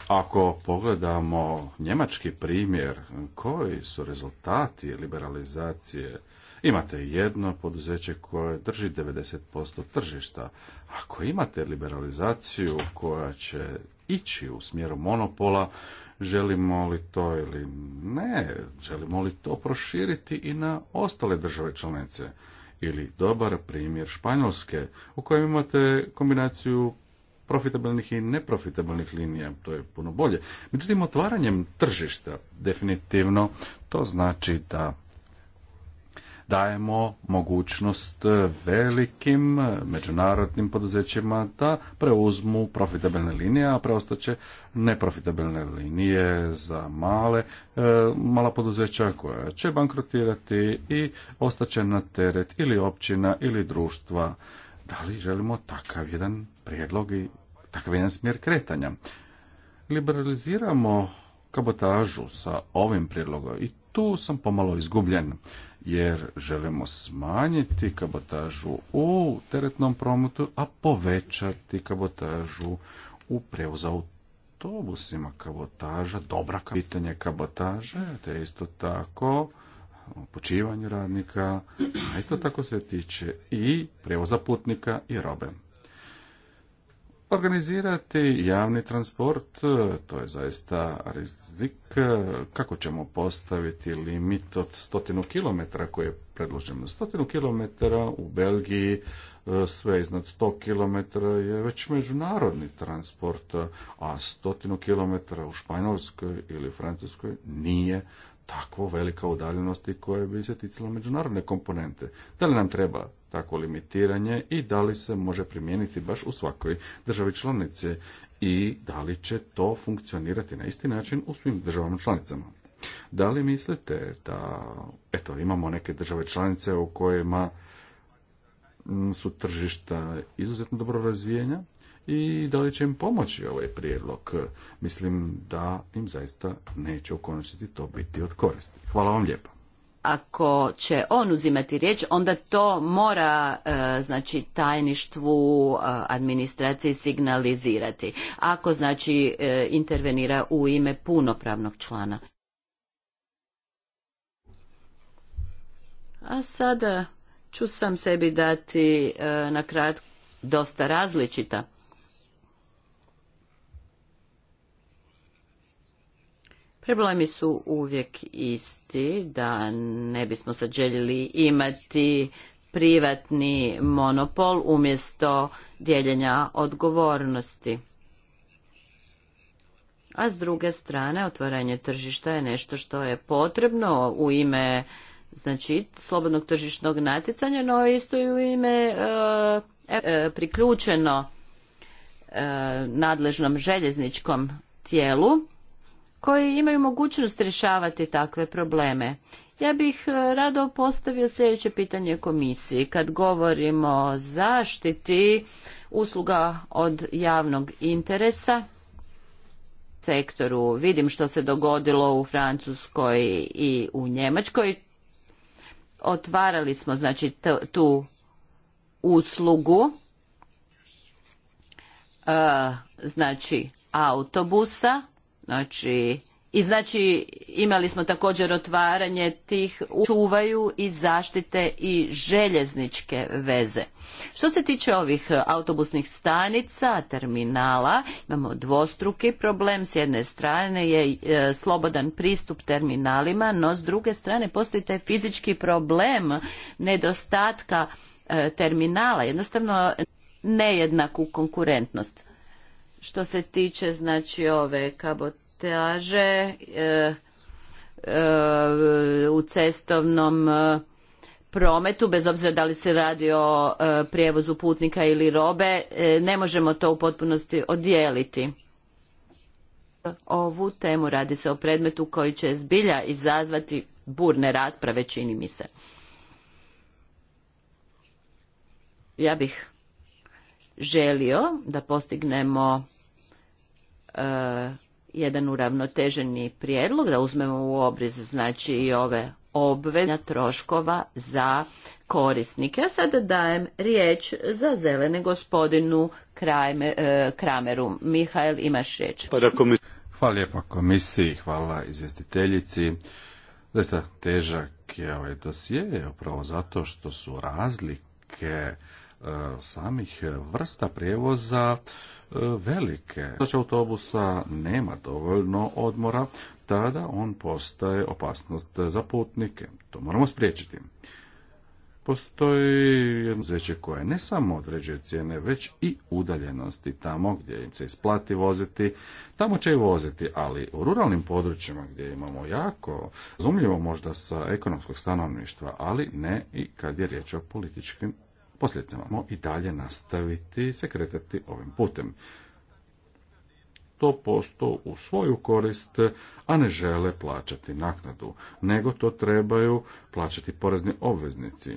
Ako pogledamo njemački primjer, koji su rezultati liberalizacije? Imate jedno poduzeće koje drži 90% tržišta. Ako imate liberalizaciju koja će ići u smjeru monopola, želimo li to ili ne, želimo li to proširiti i na ostale države članice ili dobar primjer Španjolske u kojem imate kombinaciju profitabilnih i neprofitabilnih linija, to je puno bolje. Međutim, otvaranjem tržišta definitivno to znači da dajemo mogućnost e, velikim e, međunarodnim poduzećima da preuzmu profitabilne linije, a preostaće neprofitabilne linije za male, e, mala poduzeća koja će bankrotirati i ostaće na teret ili općina ili društva. Da li želimo takav jedan prijedlog i takav jedan smjer kretanja? Liberaliziramo kabotažu sa ovim prijedlogom i tu sam pomalo izgubljen jer želimo smanjiti kabotažu u teretnom prometu, a povećati kabotažu u prevozu autobusima. Kabotaža, dobra pitanje kabotaže, te isto tako počivanje radnika, a isto tako se tiče i prevoza putnika i robe. Organizirati javni transport, to je zaista rizik. Kako ćemo postaviti limit od stotinu kilometra koji je predložen? Stotinu kilometara u Belgiji, sve iznad sto km je već međunarodni transport, a stotinu kilometra u Španjolskoj ili Francuskoj nije tako velika udaljenosti koje bi se ticala međunarodne komponente. Da li nam treba takvo limitiranje i da li se može primijeniti baš u svakoj državi članice i da li će to funkcionirati na isti način u svim državama članicama. Da li mislite da eto, imamo neke države članice u kojima mm, su tržišta izuzetno dobro razvijenja, i da li će im pomoći ovaj prijedlog. Mislim da im zaista neće u konačnici to biti od koristi. Hvala vam lijepo. Ako će on uzimati riječ, onda to mora e, znači tajništvu e, administraciji signalizirati. Ako znači e, intervenira u ime punopravnog člana. A sada ću sam sebi dati na kratko dosta različita Problemi su uvijek isti, da ne bismo sad željeli imati privatni monopol umjesto dijeljenja odgovornosti. A s druge strane, otvaranje tržišta je nešto što je potrebno u ime znači slobodnog tržišnog natjecanja, no isto i u ime e, e, priključeno e, nadležnom željezničkom tijelu koji imaju mogućnost rješavati takve probleme. Ja bih e, rado postavio sljedeće pitanje komisiji. Kad govorimo o zaštiti usluga od javnog interesa, sektoru, vidim što se dogodilo u Francuskoj i u Njemačkoj. Otvarali smo znači tu uslugu e, znači autobusa Znači, i znači imali smo također otvaranje tih čuvaju i zaštite i željezničke veze. Što se tiče ovih autobusnih stanica, terminala, imamo dvostruki problem. S jedne strane je e, slobodan pristup terminalima, no s druge strane postoji taj fizički problem nedostatka e, terminala, jednostavno nejednaku konkurentnost. Što se tiče znači ove kabotaže e, e, u cestovnom e, prometu, bez obzira da li se radi o prijevozu putnika ili robe, ne možemo to u potpunosti odijeliti ovu temu. Radi se o predmetu koji će zbilja izazvati burne rasprave, čini mi se. Ja bih želio da postignemo e, jedan uravnoteženi prijedlog, da uzmemo u obriz znači i ove obveznja troškova za korisnike. Ja sada dajem riječ za zelene gospodinu e, Krameru. Mihajl, imaš riječ. Pa hvala lijepa komisiji, hvala izvjestiteljici. Zaista težak je ovaj dosije, upravo zato što su razlike E, samih vrsta prijevoza e, velike. Znači autobusa nema dovoljno odmora, tada on postaje opasnost za putnike. To moramo spriječiti. Postoji jedno zveće koje ne samo određuje cijene, već i udaljenosti tamo gdje im se isplati voziti, tamo će i voziti, ali u ruralnim područjima gdje imamo jako razumljivo možda sa ekonomskog stanovništva, ali ne i kad je riječ o političkim posljedicama i dalje nastaviti se kretati ovim putem. To posto u svoju korist, a ne žele plaćati naknadu, nego to trebaju plaćati porezni obveznici.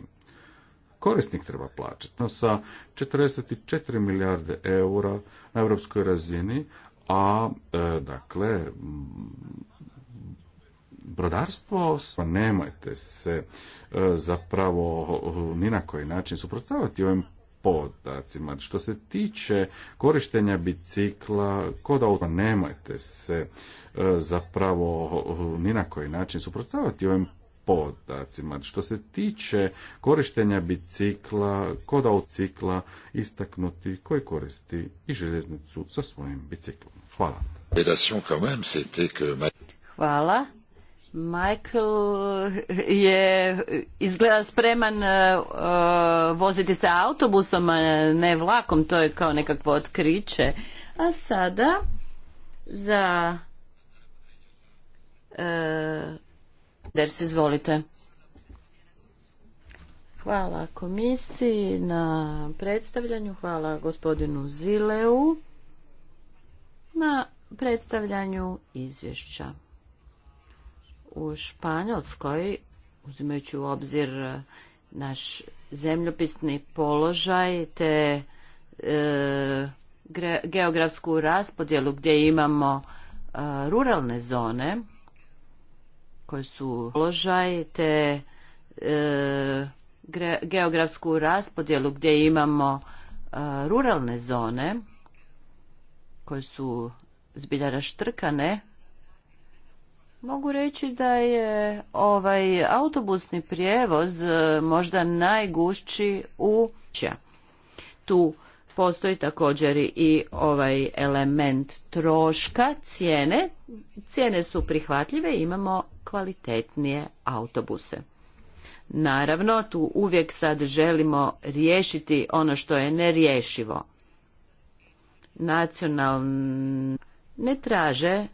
Korisnik treba plaćati, no sa 44 milijarde eura na europskoj razini, a e, dakle brodarstvo, nemojte se e, zapravo e, ni na koji način suprotstavati ovim podacima. Što se tiče korištenja bicikla kod auta, nemojte se e, zapravo ni na koji način suprotstavati ovim podacima. Što se tiče korištenja bicikla kod aucikla, istaknuti koji koristi i željeznicu sa svojim biciklom. Hvala. Hvala. Michael je izgleda spreman e, e, voziti se autobusom, a ne vlakom, to je kao nekakvo otkriće. A sada za uh, izvolite. Hvala komisiji na predstavljanju, hvala gospodinu Zileu na predstavljanju izvješća. U Španjolskoj, uzimajući u obzir e, naš zemljopisni položaj te e, geografsku raspodjelu gdje imamo e, ruralne zone koje su položaj te geografsku raspodjelu gdje imamo ruralne zone koje su zbilja raštrkane Mogu reći da je ovaj autobusni prijevoz e, možda najgušći u Čja. Tu postoji također i ovaj element troška, cijene. Cijene su prihvatljive, imamo kvalitetnije autobuse. Naravno, tu uvijek sad želimo riješiti ono što je nerješivo. Nacional ne traže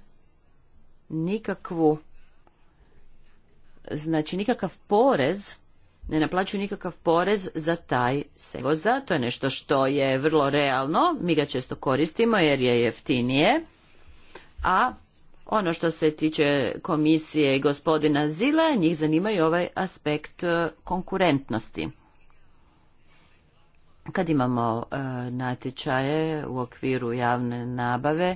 nikakvu znači nikakav porez ne naplaćuju nikakav porez za taj sevoza. To je nešto što je vrlo realno, mi ga često koristimo jer je jeftinije. A ono što se tiče komisije i gospodina Zile, njih zanima i ovaj aspekt e, konkurentnosti. Kad imamo e, natječaje u okviru javne nabave,